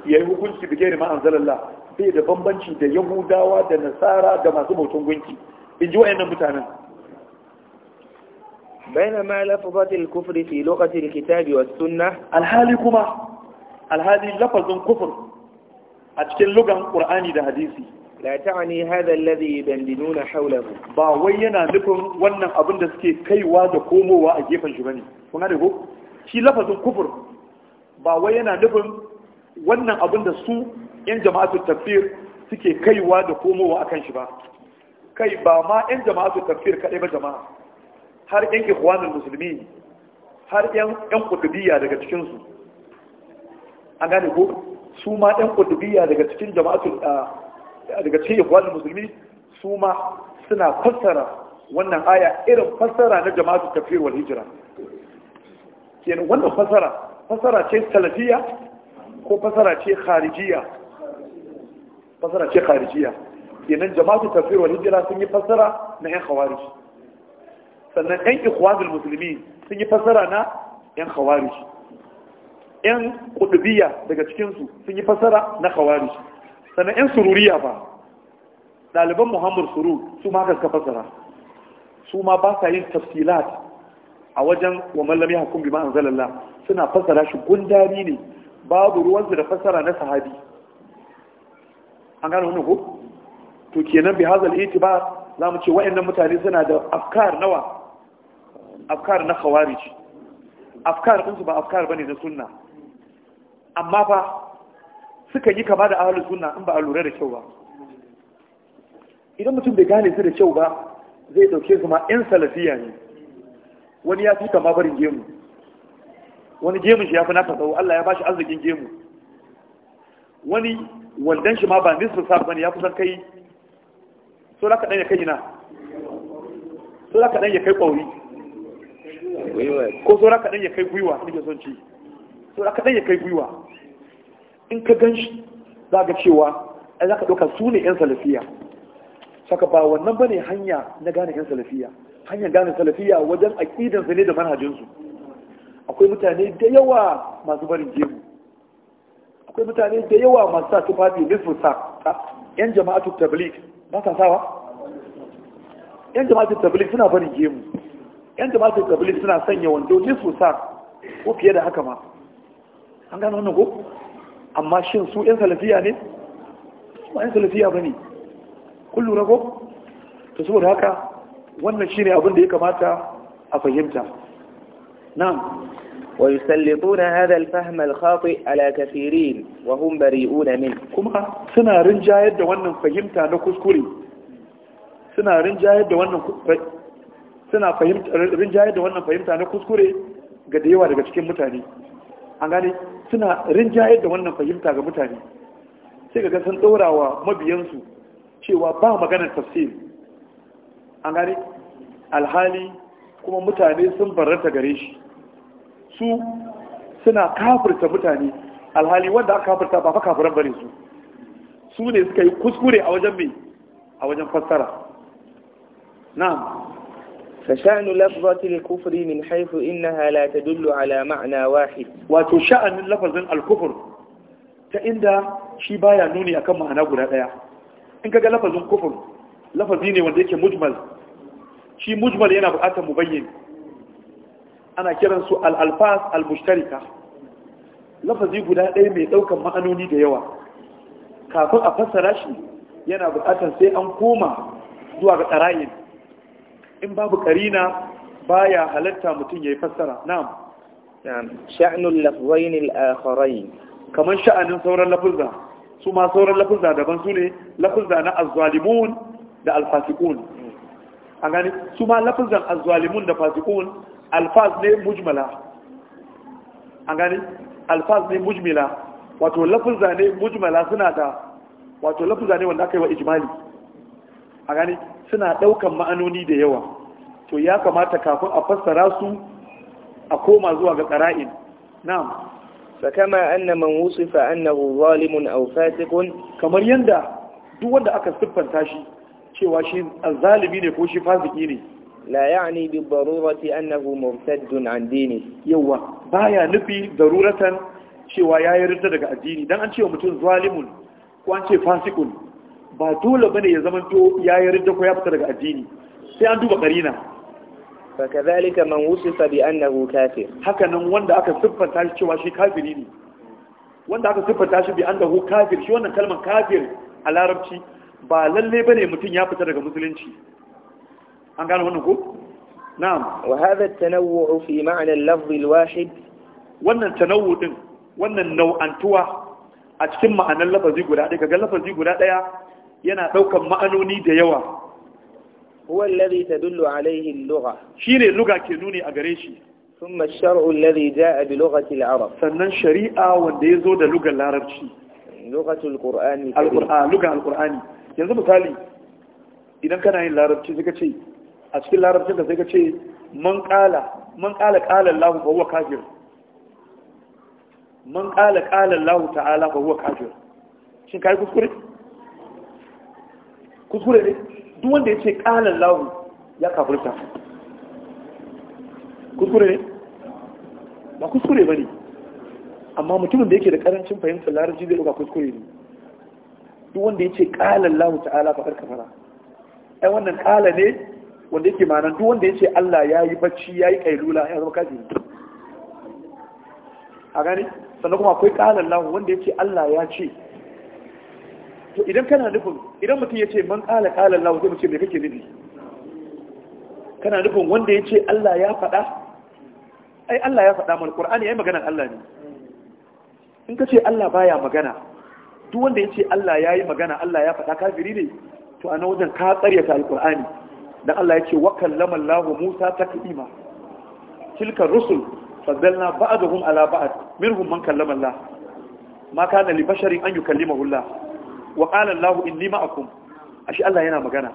yayi hukunci bigere ma anzalallah bai da bambanci da yahudawa da nasara da masu bautan gunki in ji wayannan mutanen بينما لفظة الكفر في لغة الكتاب والسنة الحالي كما الحالي لفظ كفر أتكلم لغة القرآن ده حديثي لا تعني هذا الذي يدندنون حوله با وينا نفهم وانا أبن دسكي كي وادا كومو وأجيفا جباني وانا نقول شي لفظ كفر با وينا نفهم wannan abin da su yan jama'atu tafsir suke kaiwa da komowa akan shi ba kai ba ma yan jama'atu tafsir kadai ba jama'a har yan ikhwanul muslimin har yan yan qutubiyya daga cikin su an gane ko su ma yan qutubiyya daga cikin jama'atul daga cikin ikhwanul muslimin su ma suna fassara wannan aya irin fassara na jama'atu tafsir wal hijra kenan wannan fassara fassara ce salafiyya ko fassara ce kharijiyya fasara ce kharijiya kenan jama'atu tafsir wal hijra sun yi fasara na yan khawarij sannan yan ikhwanul muslimin sun yi fasara na yan khawarij yan qutubiyya daga cikin su sun yi fasara na khawarij sannan yan sururiya ba ɗaliban muhammad surur su ma suka fasara su ma ba sa yin tafsilat a wajen wa mallami hukum bi ma anzalallah suna fasara shi gundari ne babu ruwansu da fasara na sahabi an gane wannan ko to kenan bi hazal itibar za mu ce wa'annan mutane suna da afkar nawa afkar na khawariji afkar su ba afkar bane na sunna amma fa suka yi kama da ahlus sunna in ba a lura da kyau ba idan mutum bai gane su da kyau ba zai dauke su ma yan salafiya ne wani ya fi kama barin gemu wani gemu shi ya fi naka tsawo Allah ya bashi arzikin gemu wani wandan shi ma ba nisa sa bane ya kusan kai so la kadan ya kai ina so la kadan ya kai kwauri ko so la kadan ya kai gwiwa nake son ci so la kadan ya kai gwiwa in ka gan shi za ga cewa ai za ka ɗauka su ne 'yan salafiya saka ba wannan bane hanya na gane 'yan salafiya hanyar gane salafiya wajen aƙidansu ne da manhajinsu akwai mutane da yawa masu barin jebu akwai mutane da yawa masu sa tufafi nufin sa yan jama'atu tablik ba sa sawa yan jama'atu tablik suna barin gemu yan jama'atu tablik suna sanya wando nufin sa ko fiye da haka ma an gano wannan ko amma shin su yan salafiya ne ma yan salafiya ba ne? kun lura ko Ta saboda haka wannan shine abin da ya kamata a fahimta na. ويسلطون هذا الفهم الخاطئ على كثيرين وهم بريئون منه كما سنا رنجاية دوانا فهمتا نكسكري سنا رنجاية دوانا suna rinjaye da wannan fahimta na kuskure ga da yawa daga cikin mutane an gane suna rinjaye da wannan fahimta ga mutane sai ga sun ɗorawa mabiyansu cewa ba maganar tafsir an gane alhali kuma mutane sun barranta gare shi su suna kafirta mutane alhali wanda aka kafirta ba fa kafiran bane su su ne suka yi kuskure a wajen me a wajen fassara na'am fa sha'nu lafzati al-kufri min haythu innaha la tadullu ala ma'na wahid wa to sha'nu lafzin al ta inda shi baya nuni akan ma'ana guda ɗaya? in ka ga lafazin kufur lafazi ne wanda yake mujmal shi mujmal yana mu bayyana. ana kiransu al-alfas al-mushtarika lafazi guda ɗaya mai ɗaukan ma'anoni da yawa kafin a fassara shi yana buƙatar sai an koma zuwa ga ƙarayin in babu ƙarina baya halatta mutum ya yi fassara na'am Sha'anun lafzain al-akharain kaman sha'anin sauran lafuzza su ma sauran lafuzza daban su ne lafuzza na az-zalimun da al-fasiqun mm. an gani su ma lafuzzan az-zalimun da fasiqun alfaz ne mujmala an gani alfaz ne mujmila wato lafuzza ne mujmala suna da wato lafuzza ne wanda aka yi wa ijmali a gani suna daukan ma'anoni da yawa to ya kamata kafin a fassara su a koma zuwa ga qara'in na'am kama anna man wusifa annahu zalimun aw فاسق Kamar yanda duk wanda aka siffanta shi cewa shi zalimi ne ko shi fasiki ne la ya'ni bi darurati annahu murtaddun an dini yawa baya nufi daruratan cewa yayi rinta daga addini dan an ce mutum zalimun ko an ce fasikun ba dole bane ya zama to yayi rinta ko ya fita daga addini sai an duba karina fakadhalika man wusifa bi annahu kafir haka nan wanda aka siffanta shi cewa shi kafiri ne wanda aka siffanta shi bi annahu kafir shi wannan kalmar kafir a larabci ba lalle bane mutum ya fita daga musulunci an gano wannan ko na'am wa hadha at-tanawwu fi ma'na al-lafz al-wahid wannan tanawwu din wannan nau'antuwa a cikin ma'anar lafazi guda ɗaya kaga lafazi guda ɗaya yana ɗaukar ma'anoni da yawa huwa alladhi tadullu alayhi al-lugha shine lugha ke nuni a gare shi thumma ash-shar'u alladhi jaa bi lughati al-arab sannan shari'a wanda yazo da lugar larabci lughatul qur'ani al-qur'an lugha al-qur'ani yanzu misali idan kana yin larabci zaka ce a cikin larabcin da sai ka ce man kala man ƙala ƙala Allah fa huwa kafir man kala kala Allah ta'ala fa huwa kafir shin kai kuskure kuskure ne duk wanda ya ce ƙala Allah ya kafirta kuskure ne ba kuskure ba ne amma mutumin da yake da karancin fahimtar larabci zai ɗauka kuskure ne duk wanda ya ce ƙalan lahu ta'ala faɗar kafara ai wannan kala ne wanda yake ma'ana duk wanda ce Allah ya yi bacci ya yi kailula ya zama kaji a gani sannan kuma akwai ƙalan lahu wanda ce Allah ya ce to idan kana nufin idan mutum ya ce man ƙala ƙalan lahu zai mace me kake nufi kana nufin wanda ya ce Allah ya faɗa ai Allah ya faɗa mana ya yi maganar Allah ne in ka ce Allah baya magana duk wanda ya ce Allah ya yi magana Allah ya faɗa kafiri ne to a nan wajen ka tsare ta alƙur'ani da Allah ya ce wa kallama Allah Musa taklima tilka rusul faddalna ba'dahum ala ba'd minhum man kallama Allah ma kana li basharin an yukallimahu Allah wa qala Allah inni ma'akum ashi Allah yana magana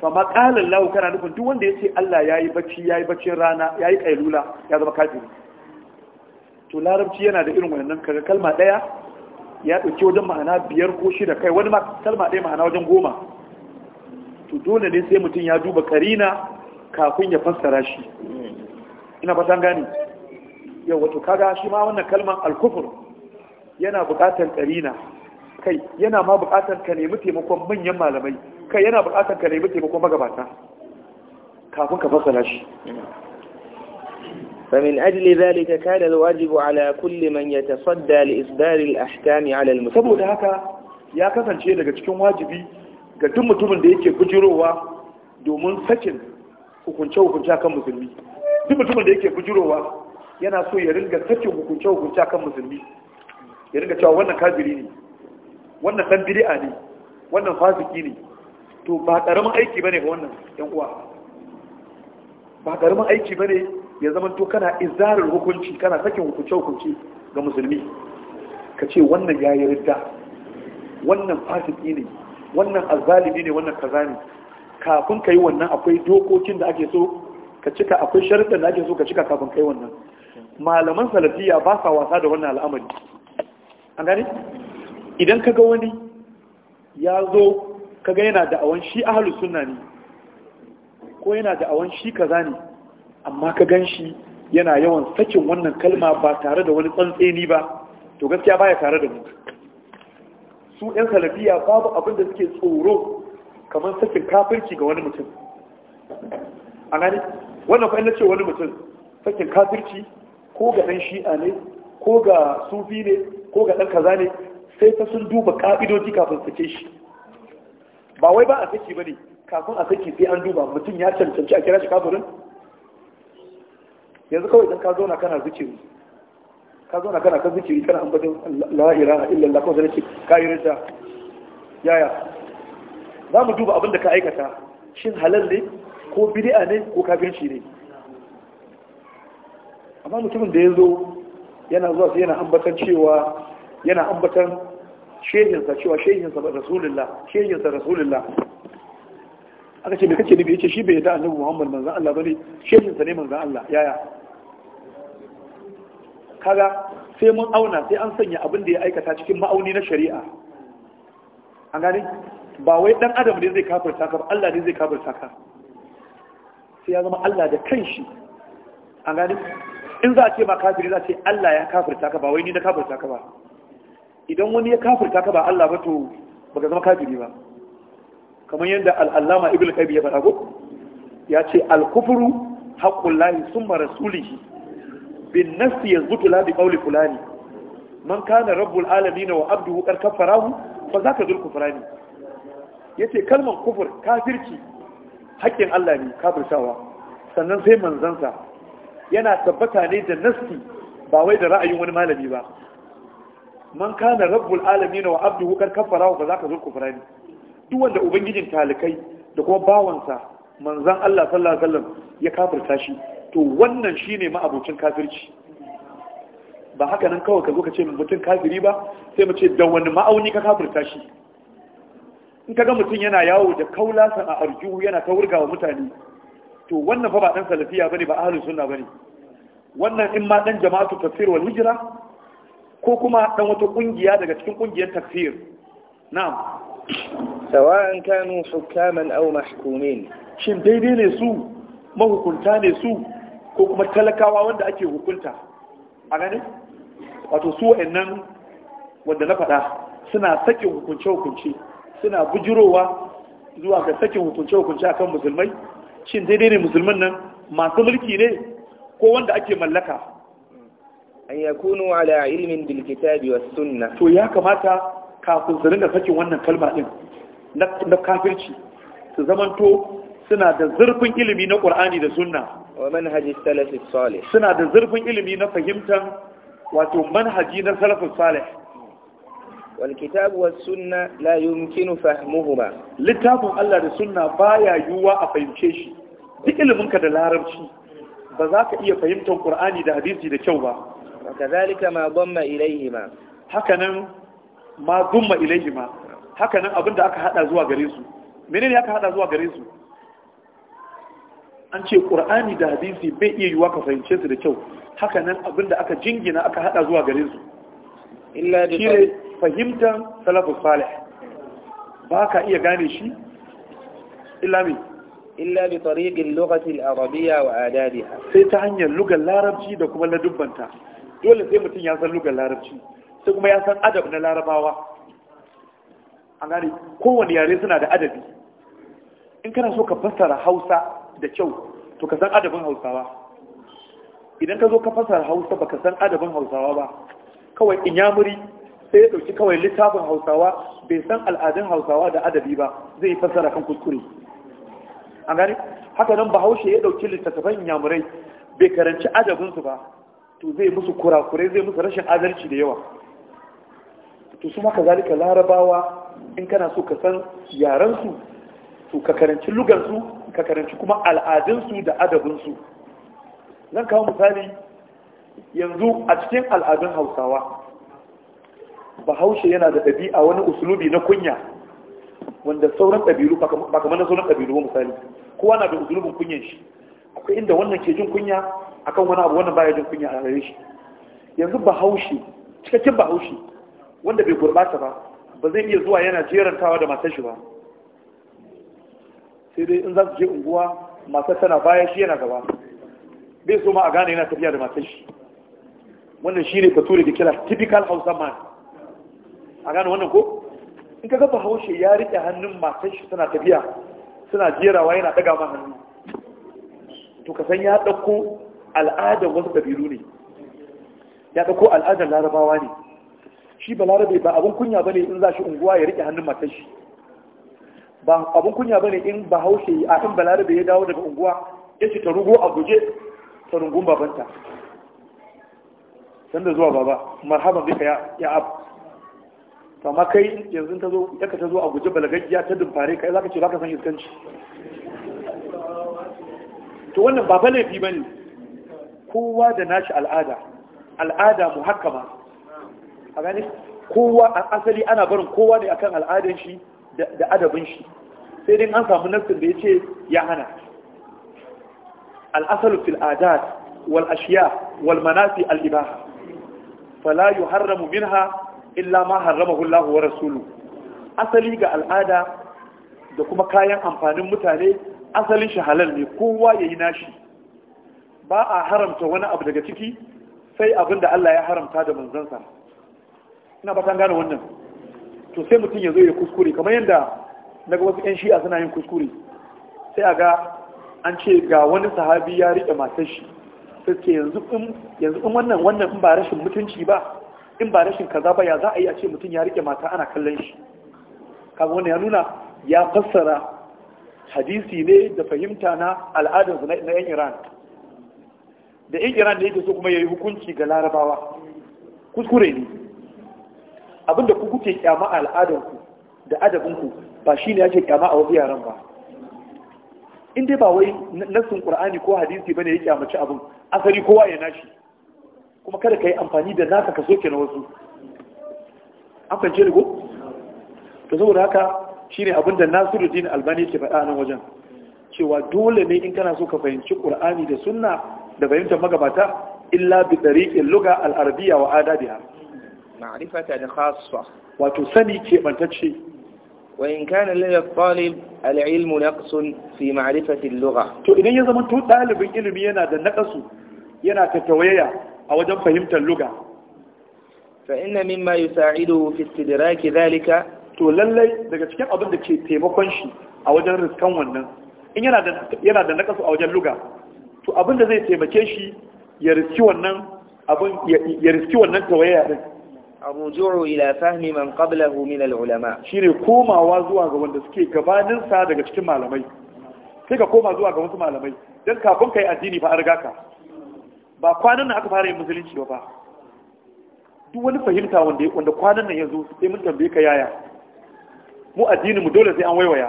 fa ma qala Allah kana nufin duk wanda yace Allah yayi bacci yayi baccin rana yayi kailula ya zama kafiri to larabci yana da irin wannan kaga kalma daya ya dauki wajen ma'ana biyar ko shida kai wani ma kalma daya ma'ana wajen goma to dole ne sai mutum ya duba karina kafin ya fassara shi ina fatan gani yau wato kaga shi ma wannan kalmar alkufur yana buƙatar karina kai yana ma buƙatar ka nemi taimakon manyan malamai kai yana buƙatar ka nemi taimakon magabata kafin ka fassara shi فمن أجل ذلك كان الواجب على كل من يتصدى لإصدار الأحكام على المسلمين saboda haka ya kasance daga cikin wajibi ga duk mutumin da yake bujirowa domin sakin hukunce-hukunce kan musulmi duk mutumin da yake bujirowa yana so ya ringa sakin hukunce-hukunce kan musulmi ya ringa cewa wannan kabiri ne wannan dan bid'a ne wannan fasiki ne to ba karamin aiki bane ga wannan yan uwa ba karamin aiki bane ya zama to kana izarar hukunci kana sakin hukunce-hukunce ga musulmi ka ce wannan ya yi ridda wannan fasiki ne wannan azzalimi ne wannan kaza ne kafin ka yi wannan akwai dokokin da ake so ka cika akwai sharuɗan da ake so ka cika kafin ka yi wannan malaman salafiya ba sa wasa da wannan al'amari an gane idan ka ga wani ya zo ka ga yana da'awan shi ahalu sunna ne ko yana da'awan shi kaza ne amma ka gan shi yana yawan sakin wannan kalma ba tare da wani tsantseni ba to gaskiya baya tare da mu su yan salafiya babu abin da suke tsoro kamar sakin kafirci ga wani mutum a gani wannan na ce wani mutum sakin kafirci ko ga dan shi'a ne ko ga sufi ne ko ga dan kaza ne sai ta sun duba ka'idoji kafin sake shi ba wai ba a saki bane kafin a saki sai an duba mutum ya cancanci a kira shi kafirin yanzu kawai idan ka zauna kana zuciya ka zo na kana ka zikiri kana ambatin la'ira a illallah ko sai ka yi rinta yaya za mu duba abin da ka aikata shin halal ne ko bidi'a ne ko kafirci ne amma mutumin da ya zo yana zuwa su yana ambatan cewa yana ambatan shehinsa cewa shehinsa ba rasulullah shehinsa rasulullah aka ce me kake nufi ce shi bai yarda annabi Muhammad manzan Allah ba ne shehinsa ne manzan Allah yaya kaga sai mun auna sai an sanya abin da ya aikata cikin ma'auni na shari'a an gane ba wai dan adam ne zai kafirta ka ba Allah ne zai kafirta ka sai ya zama Allah da kanshi an gane in za a ce ba kafiri za a ce Allah ya kafirta ka ba wai ni na kafirta ka ba idan wani ya kafirta ka ba Allah ba to baka zama kafiri ba kamar yadda al'allama ibn qayyim ya faɗa ko ya ce al-kufru haqqullahi summa rasulihi bin nafsi yazbutu la bi qawli fulani man kana rabbul alamin wa abduhu qad kafarahu fa zaka dul kufrani yace kalman kufur kafirci haƙƙin Allah ne kafirtawa sannan sai manzansa yana tabbata ne da nafsi ba wai da ra'ayin wani malami ba man kana rabbul alamin wa abduhu qad kafarahu fa zaka dul kufrani duk wanda ubangijin talikai da kuma bawansa manzan Allah sallallahu alaihi wasallam ya kafirta shi to wannan shi ne ma'abocin kafirci ba haka nan kawai ka zo ka ce mutum kafiri ba sai mu ce wani ma'auni ka kafirta shi in ka ga mutum yana yawo da kaulasa a arjihu yana ta wa mutane to wannan fa ba ɗan salafiya ba ne, ba suna ba ne. wannan in ma ɗan jama'atu tafsir wal hijira ko kuma ɗan wata ƙungiya daga cikin ƙungiyar tafsir na'am sawa'an kanu hukaman aw mahkumin shin daidai ne su mahukunta ne su ko kuma talakawa wanda ake hukunta a gani wato su wa'annan wanda na faɗa suna sakin hukunce-hukunce suna bujirowa zuwa ga sakin hukunce-hukunce akan musulmai shin daidai ne musulman nan masu mulki ne ko wanda ake mallaka an ya kunu ala ilmin bilkitabi biyu sunna to ya kamata kafin su ringa sakin wannan kalma ɗin na kafirci su zamanto suna da zurfin ilimi na ƙur'ani da sunna wa manhaji salafis salih suna da zurfin ilimi na fahimtar wato manhaji na salafis salih wal kitabu was sunna la yumkinu fahmuhuma littafin Allah da sunna baya yuwa a fahimce shi duk ilimin ka da larabci ba za ka iya fahimtar Qur'ani da hadisi da kyau ba kazalika ma dhamma ilayhima hakanan ma dhamma ilayhima hakanan abinda aka hada zuwa gare su menene aka hada zuwa gare su an ce ƙur'ani da hadisi bai iya yiwuwa ka fahimce su da kyau haka nan abin da aka jingina aka haɗa zuwa gare su shi fahimtar salafus salih ba ka iya gane shi ilami illa bi tariqin lughati al-arabiyya wa adabiha sai ta hanyar lugar larabci da kuma ladubbanta dole sai mutum ya san lugar larabci sai kuma ya san adab na larabawa an gane kowane yare suna da adabi in kana so ka fassara hausa da kyau to ka san adabin hausawa idan ka zo ka fasara hausa ba ka san adabin hausawa ba kawai inyamuri sai ya dauki kawai littafin hausawa bai san al'adun hausawa da adabi ba zai yi fassara kan kuskure an gani haka nan bahaushe ya ɗauki littattafan inyamurai bai karanci adabinsu ba to zai musu kurakurai zai musu rashin adalci da yawa to su maka zalika larabawa in kana so ka san yarensu to ka karanci lugansu ka karanci kuma al'adunsu da adabinsu zan kawo misali yanzu a cikin al'adun hausawa bahaushe yana da ɗabi'a wani usulubi na kunya wanda sauran ɗabi'u ba kamar na sauran ɗabi'u misali kowa na da usulubin kunyan shi akwai inda wannan ke jin kunya akan wani abu wannan baya jin kunya a gare shi yanzu bahaushe cikakken bahaushe wanda bai gurɓata ba ba zai iya zuwa yana jerantawa da matar shi ba sai dai in za su je unguwa matar tana baya shi yana gaba bai so ma a gane yana tafiya da matar shi wannan shi ne bature da kira typical hausa man a gane wannan ko in ka gaba haushe ya riƙe hannun matar shi tana tafiya suna jerawa yana ɗaga ma hannu to ka san ya ɗauko al'adar wasu ɗabiru ne ya ɗauko al'adar larabawa ne shi ba larabe ba abin kunya ba ne in za shi unguwa ya riƙe hannun matar shi ba abin kunya bane in bahaushe a in balarabe ya dawo daga unguwa ya ce ta rugo a guje ta rungun babanta sanda zuwa baba marhaban ka ya ab to amma kai yanzu ta zo yaka ta zo a guje balagajiya ta dumfare kai zaka ce zaka san iskanci to wannan ba laifi bane kowa da nashi al'ada al'ada muhakkama a gani kowa a asali ana barin kowa ne akan al'adan shi da adabin shi sai dai an samu nassin da ya ce ya hana al'asalu fil adat wal ashiya wal manasi al ibaha fala yuharramu minha illa ma harramahu Allah wa rasulu asali ga al'ada da kuma kayan amfanin mutane asalin shi halal ne kowa yayi nashi ba a haramta wani abu daga ciki sai abin da Allah ya haramta da manzansa ina ba gane wannan to sai mutum ya zo ya kuskure kamar yadda na wasu 'yan shi'a suna yin kuskure sai a ga an ce ga wani sahabi ya riƙe matar shi sai ce yanzu in wannan wannan in ba rashin mutunci ba in ba rashin kaza ba ya za a yi a ce mutum ya riƙe mata ana kallon shi kaga wannan ya nuna ya fassara hadisi ne da fahimta na al'adar na 'yan iran da 'yan iran da yake so kuma ya yi hukunci ga larabawa kuskure ne abinda ku kuke kyama a al'adarku da adabinku ba shi ne ake kyama a wasu yaran ba in dai ba wai nassin qur'ani ko hadisi ba bane ya kyamaci abin asali kowa ya nashi kuma kada ka yi amfani da naka ka soke na wasu an fahimce ko to saboda haka shine abin da Nasiruddin Albani ke faɗa a nan wajen cewa dole ne in kana so ka fahimci Qur'ani da Sunna da fahimtar magabata illa bi tariqil lugha al-arabiyya wa adabiha ma'rifata da khassa wato sani ke bantacce wa in kana lil talib al ilm naqsun fi ma'rifati al lugha to idan ya zama to dalibin ilimi yana da naqasu yana ta tawaya a wajen fahimtar lugha fa inna mimma yusa'iduhu fi istidrak dhalika to lallai daga cikin abin da ke taimakon shi a wajen riskan wannan in yana da yana da naqasu a wajen lugha to abin da zai taimake shi ya riski wannan abin ya riski wannan tawaya din الرجوع إلى فهم من قبله من العلماء شيري كوما وازوا ga wanda suke gabanin sa daga cikin malamai sai ka koma zuwa ga wasu malamai dan kafin kai addini fa an riga ka ba kwanan nan aka fara yin musulunci ba duk wani fahimta wanda wanda kwanan nan yanzu sai mun tambaye ka yaya mu addinin mu dole sai an waiwaya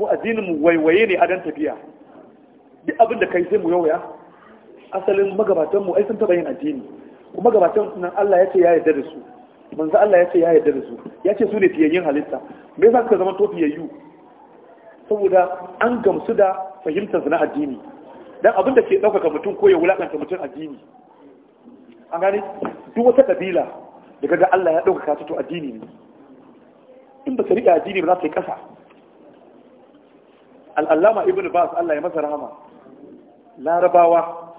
mu addinin mu waiwaye ne a dan tafiya duk abin da kai sai mu yawaya asalin magabatan mu ai sun taba yin addini kuma gabatan nan Allah ya ce ya yarda da su manzo Allah ya ce ya yarda da su ya ce su ne fiyayyen halitta me yasa suka zama to fiyayyu saboda an gamsu da fahimtar na addini dan abin da ke ɗaukaka mutum ko ya wulakanta mutum addini an gane duk wata kabila daga ga Allah ya ɗaukaka ta to addini ne in ba ka rika addini ba za ta yi ƙasa al'allama ibn bas Allah ya masa rahama larabawa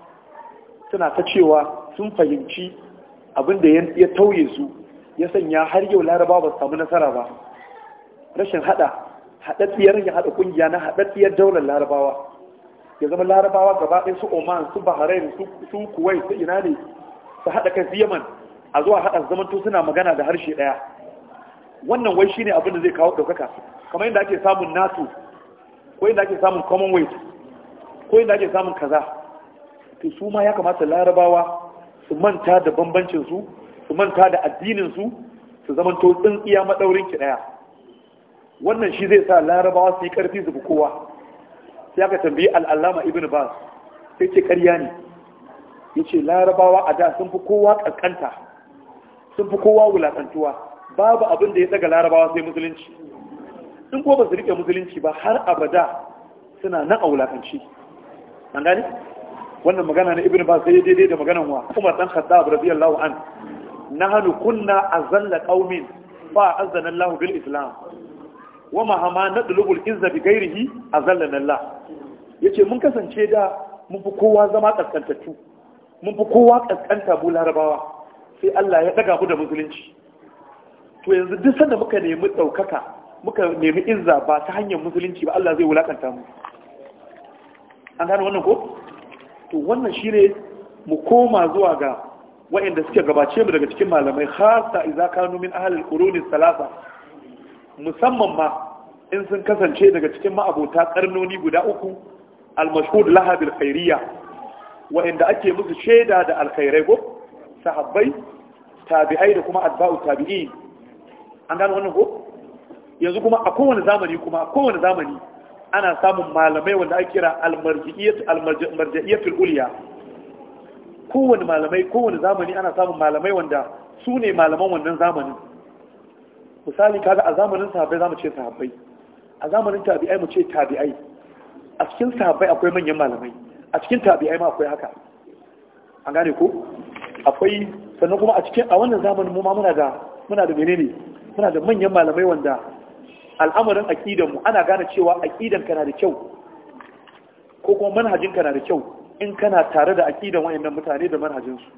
suna ta cewa sun fahimci abinda da ya tauye su ya sanya har yau laraba ba samu nasara ba rashin hada haɗaɗɗiyar ya haɗa ƙungiya na haɗaɗɗiyar daular larabawa ya zama larabawa gaba ɗaya su oman su bahrain su kuwait su ina ne su haɗa kai su yaman a zuwa haɗa zamanto suna magana da harshe ɗaya wannan wai shine abin da zai kawo ɗaukaka kamar yadda ake samun nato ko yadda ake samun commonwealth ko yadda ake samun kaza to su ma ya kamata larabawa su manta da bambancinsu su manta da addininsu su zamanto iya maɗaurin ki ɗaya wannan shi zai sa larabawa su yi ƙarfi su kowa sai aka tambayi al'allama ibn bas sai ce ƙarya ne ya ce larabawa a da sun fi kowa ƙanƙanta sun fi kowa wulaƙantuwa babu abin da ya daga larabawa sai musulunci in ko ba su riƙe musulunci ba har abada suna nan a wulaƙanci wannan magana na ibn ba sai daidai da maganan wa umar dan khattab radiyallahu an nahnu kunna azalla qaumin fa azana Allah bil islam wa ma hama nadlubul izza bi ghairihi azallana Allah yace mun kasance da mun fi kowa zama kaskantattu mun fi kowa kaskanta bu larabawa sai Allah ya daga mu da musulunci to yanzu duk sanda muka nemi daukaka muka nemi izza ba ta hanyar musulunci ba Allah zai wulakanta mu an gano wannan ko to wannan shine mu koma zuwa ga wa'inda suke gabace mu daga cikin malamai hasa idza kanu min ahli al salasa musamman ma in sun kasance daga cikin ma'abota karnoni guda uku al-mashhud laha bil khairiyya wa'anda ake musu shaida da alkhairai go sahabbai tabi'ai da kuma atba'u tabi'in an gano wannan ko yanzu kuma a kowane zamani kuma a kowane zamani ana samun malamai wanda ake kira almarji'iyatul uliya kowane malamai kowane zamani ana samun malamai wanda su ne malaman wannan zamanin misali kaga a zamanin sahabbai zamu ce sahabbai a zamanin tabi'ai mu ce tabi'ai a cikin sahabbai akwai manyan malamai a cikin tabi'ai ma akwai haka an gane ko akwai sannan kuma a cikin a wannan zamanin mu ma muna da muna da menene muna da manyan malamai wanda al'amarin aqidan mu ana gane cewa aqidan kana da kyau ko kuma manhajin kana da kyau in kana tare da aqidan wayannan mutane da manhajin su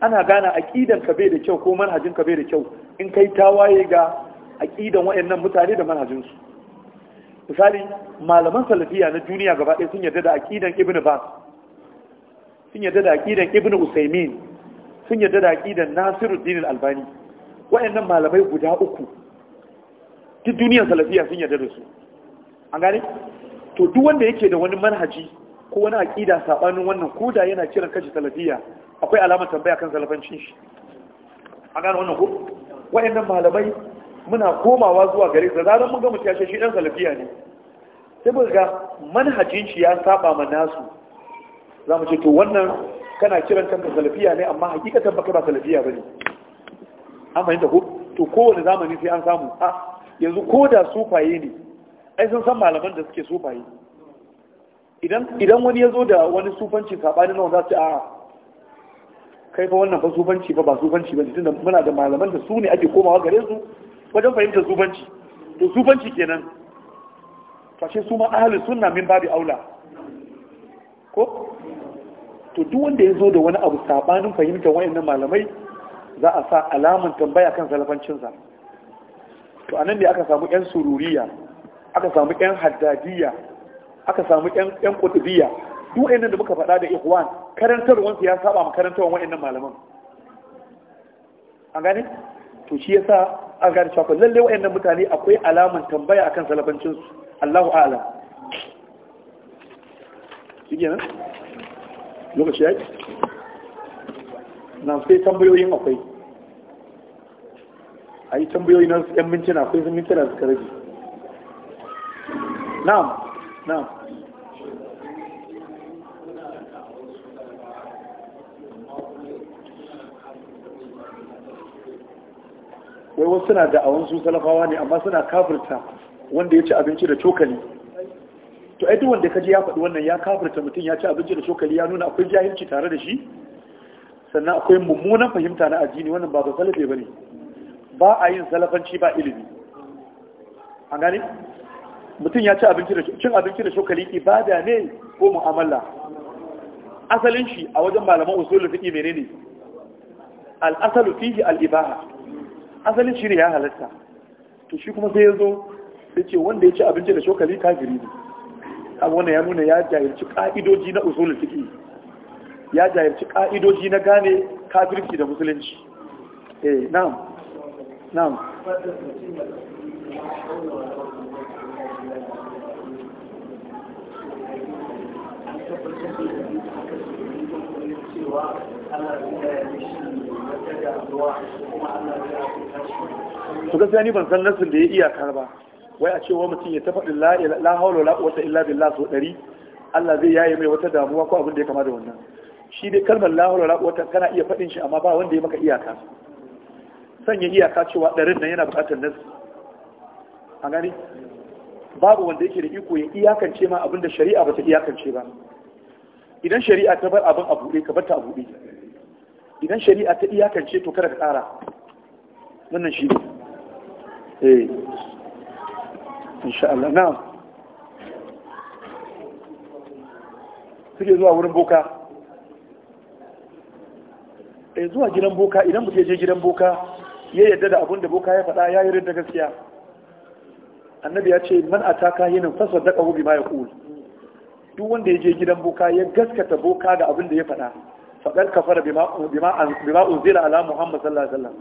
ana gane aqidan ka bai da kyau ko manhajin ka bai da kyau in kai tawaye ga aqidan wayannan mutane da manhajin su misali malaman salafiya na duniya gaba ɗaya sun yarda da aƙidan ibnu bas sun yarda da aƙidan ibnu usaimin sun yarda da aqidan nasiruddin albani wayannan malamai guda uku duk duniyar salafiya sun yarda da su an gane to duk wanda yake da wani manhaji ko wani aƙida saɓanin wannan koda yana kiran kashi salafiya akwai alamar tambaya kan salafancin shi an gane wannan ko wayannan malamai muna komawa zuwa gare da zaran mun ga mutum ya shi ɗan salafiya ne sai mun ga manhajin shi ya saba ma nasu za mu ce to wannan kana kiran kanka salafiya ne amma hakikatan baka ba salafiya bane an fahimta ko to kowane zamani sai an samu a ah, yanzu ko da sufaye ne ai sun san malaman da suke sufaye idan wani ya zo da wani sufanci saɓani nawa za su a kai fa wannan fa sufanci ba ba sufanci ba tunda muna da malaman da su ne ake komawa gare su wajen fahimtar sufanci to sufanci kenan fashe su ma ahalin sunna min babu aula ko to duk wanda ya zo da wani abu saɓanin fahimtar wayannan malamai za a sa alaman tambaya kan salafancinsa to anan ne aka samu yan sururiya aka samu yan haddadiya aka samu yan yan kutubiya duk wayannan da muka faɗa da ikhwan karantarwar su ya saba ma karantarwar wayannan malaman an gane to shi yasa an gane cewa lalle wayannan mutane akwai alaman tambaya akan salafancin su Allahu a'lam shikenan lokaci yi na sai tambayoyin akwai a yi tambayoyi na su 'yan mintuna akwai sun mintuna suka rage na'am na'am wai wasu suna da awon su salafawa ne amma suna kafirta wanda ya ci abinci da cokali to ai duk wanda kaji ya faɗi wannan ya kafirta mutum ya ci abinci da cokali ya nuna akwai jahilci tare da shi sannan akwai mummunan fahimta na addini wannan ba ba salafe ba ne ba a yin salafanci ba ilimi an gani mutum ya ci abinci da cin abinci da shokali ibada ne ko mu'amala asalin shi a wajen malaman usulul fiqh menene al asalu fihi al ibaha asalin shi ne ya halatta to shi kuma sai ya zo ce wanda ya ci abinci da shokali kafiri ne abu wannan ya nuna ya jahilci ka'idoji na usulul fiqh ya jahilci ka'idoji na gane kafirci da musulunci eh na'am نعم to sai ni ban san nasin da ya iyaka ba wai a cewa mutum ya tafaɗi la haula la quwwata illa billah so ɗari Allah zai yaye mai wata damuwa ko abin da ya kama da wannan shi dai kalmar la haula la quwwata kana iya faɗin shi amma ba wanda ya maka iyaka sanya iyaka cewa ɗarin nan yana buƙatar nasu. a gani babu wanda yake da iko ya iyakance ma abin da shari'a ba ta iyakance ba idan shari'a ta bar abin a buɗe ka bar ta a buɗe idan shari'a ta iyakance to kada ka ƙara wannan shi ne eh insha Allah na suke zuwa wurin boka eh zuwa gidan boka idan mutum je gidan boka ya yadda da abin da boka ya faɗa ya yi rinta gaskiya annabi ya ce man a taka yinin fasar daga wubi ma ya ƙul duk wanda ya je gidan boka ya gaskata boka da abin da ya faɗa faɗar kafara bima unzila ala muhammad sallallahu alaihi wasallam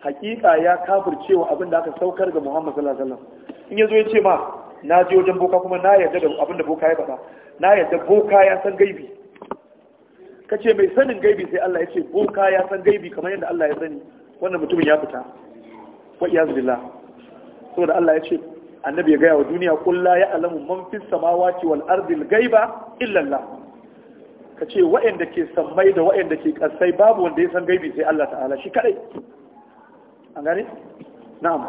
hakika ya kafirce wa abin da aka saukar ga muhammad sallallahu alaihi wasallam in ya zo ya ce ma na je wajen boka kuma na yarda da abin da boka ya faɗa na yarda boka ya san gaibi ka ce mai sanin gaibi sai Allah ya ce boka ya san gaibi kamar yadda Allah ya sani wannan mutumin ya fita wa iyaz billah saboda Allah ya ce annabi ya gaya wa duniya qul la ya'lamu man fis samawati wal ardi al ghaiba illa Allah kace wa'anda ke sammai da wa'anda ke kasai babu wanda ya san gaibi sai Allah ta'ala shi kadai an gane na'am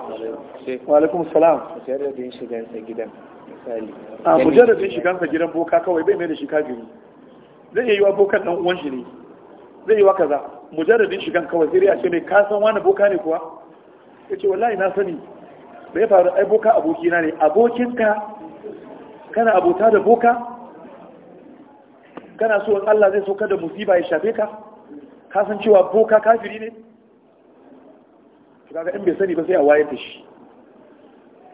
wa alaikum salam mujarradin shigansa gidan misali a mujarradin shigansa gidan boka kawai bai mai da shi kafiri zai yi wa bokan dan uwan shi ne zai yi wa kaza mujarradin shigan kawai sai ya ce ne ka san wani boka ne kuwa ce wallahi na sani bai faru ai boka abokina ne abokinka kana abota da boka kana so in Allah zai soka da musiba ya shafe ka ka san cewa boka kafiri ne kaga in bai sani ba sai a wayar da shi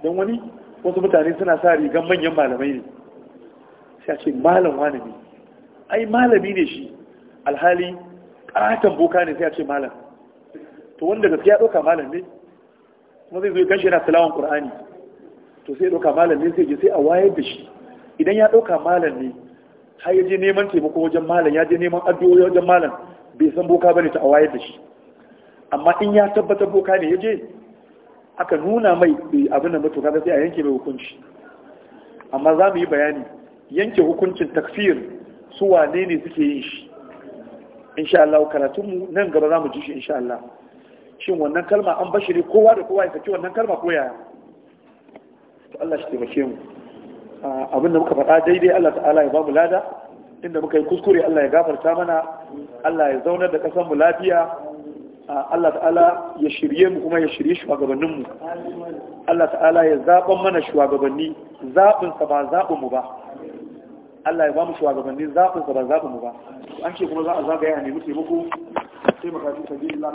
don wani wasu mutane suna sa rigan manyan malamai ne sai a ce malam wani ne ai malami ne shi alhali katon boka ne sai a ce malam to wanda gaskiya ɗauka malam ne kuma zai zai kanshi yana tilawan ƙur'ani to sai ɗauka malam ne sai je sai a wayar da shi idan ya ɗauka malam ne har ya je neman taimako wajen malam ya je neman addu'o'i wajen malam bai san boka bane ta a wayar da shi amma in ya tabbatar boka ne ya je aka nuna mai abin da mutu kaga sai a yanke mai hukunci amma za mu yi bayani yanke hukuncin takfir su wane ne suke yin shi insha Allah karatunmu nan gaba za mu ji shi insha Allah shin wannan kalma an bashiri kowa da kowa ya saki wannan kalma ko yaya to Allah shi taimake mu abin da muka faɗa daidai Allah ta'ala ya ba mu lada inda muka yi kuskure Allah ya gafarta mana Allah ya zaunar da ƙasar mu lafiya Allah ta'ala ya shirye mu kuma ya shirye shugabannin mu Allah ta'ala ya zaɓan mana shugabanni zaɓinsa ba zaɓin mu ba Allah ya ba mu shugabanni zaɓinsa ba zaɓin mu ba an ce kuma za a zagaya ne muke muku taimaka fi sabilillah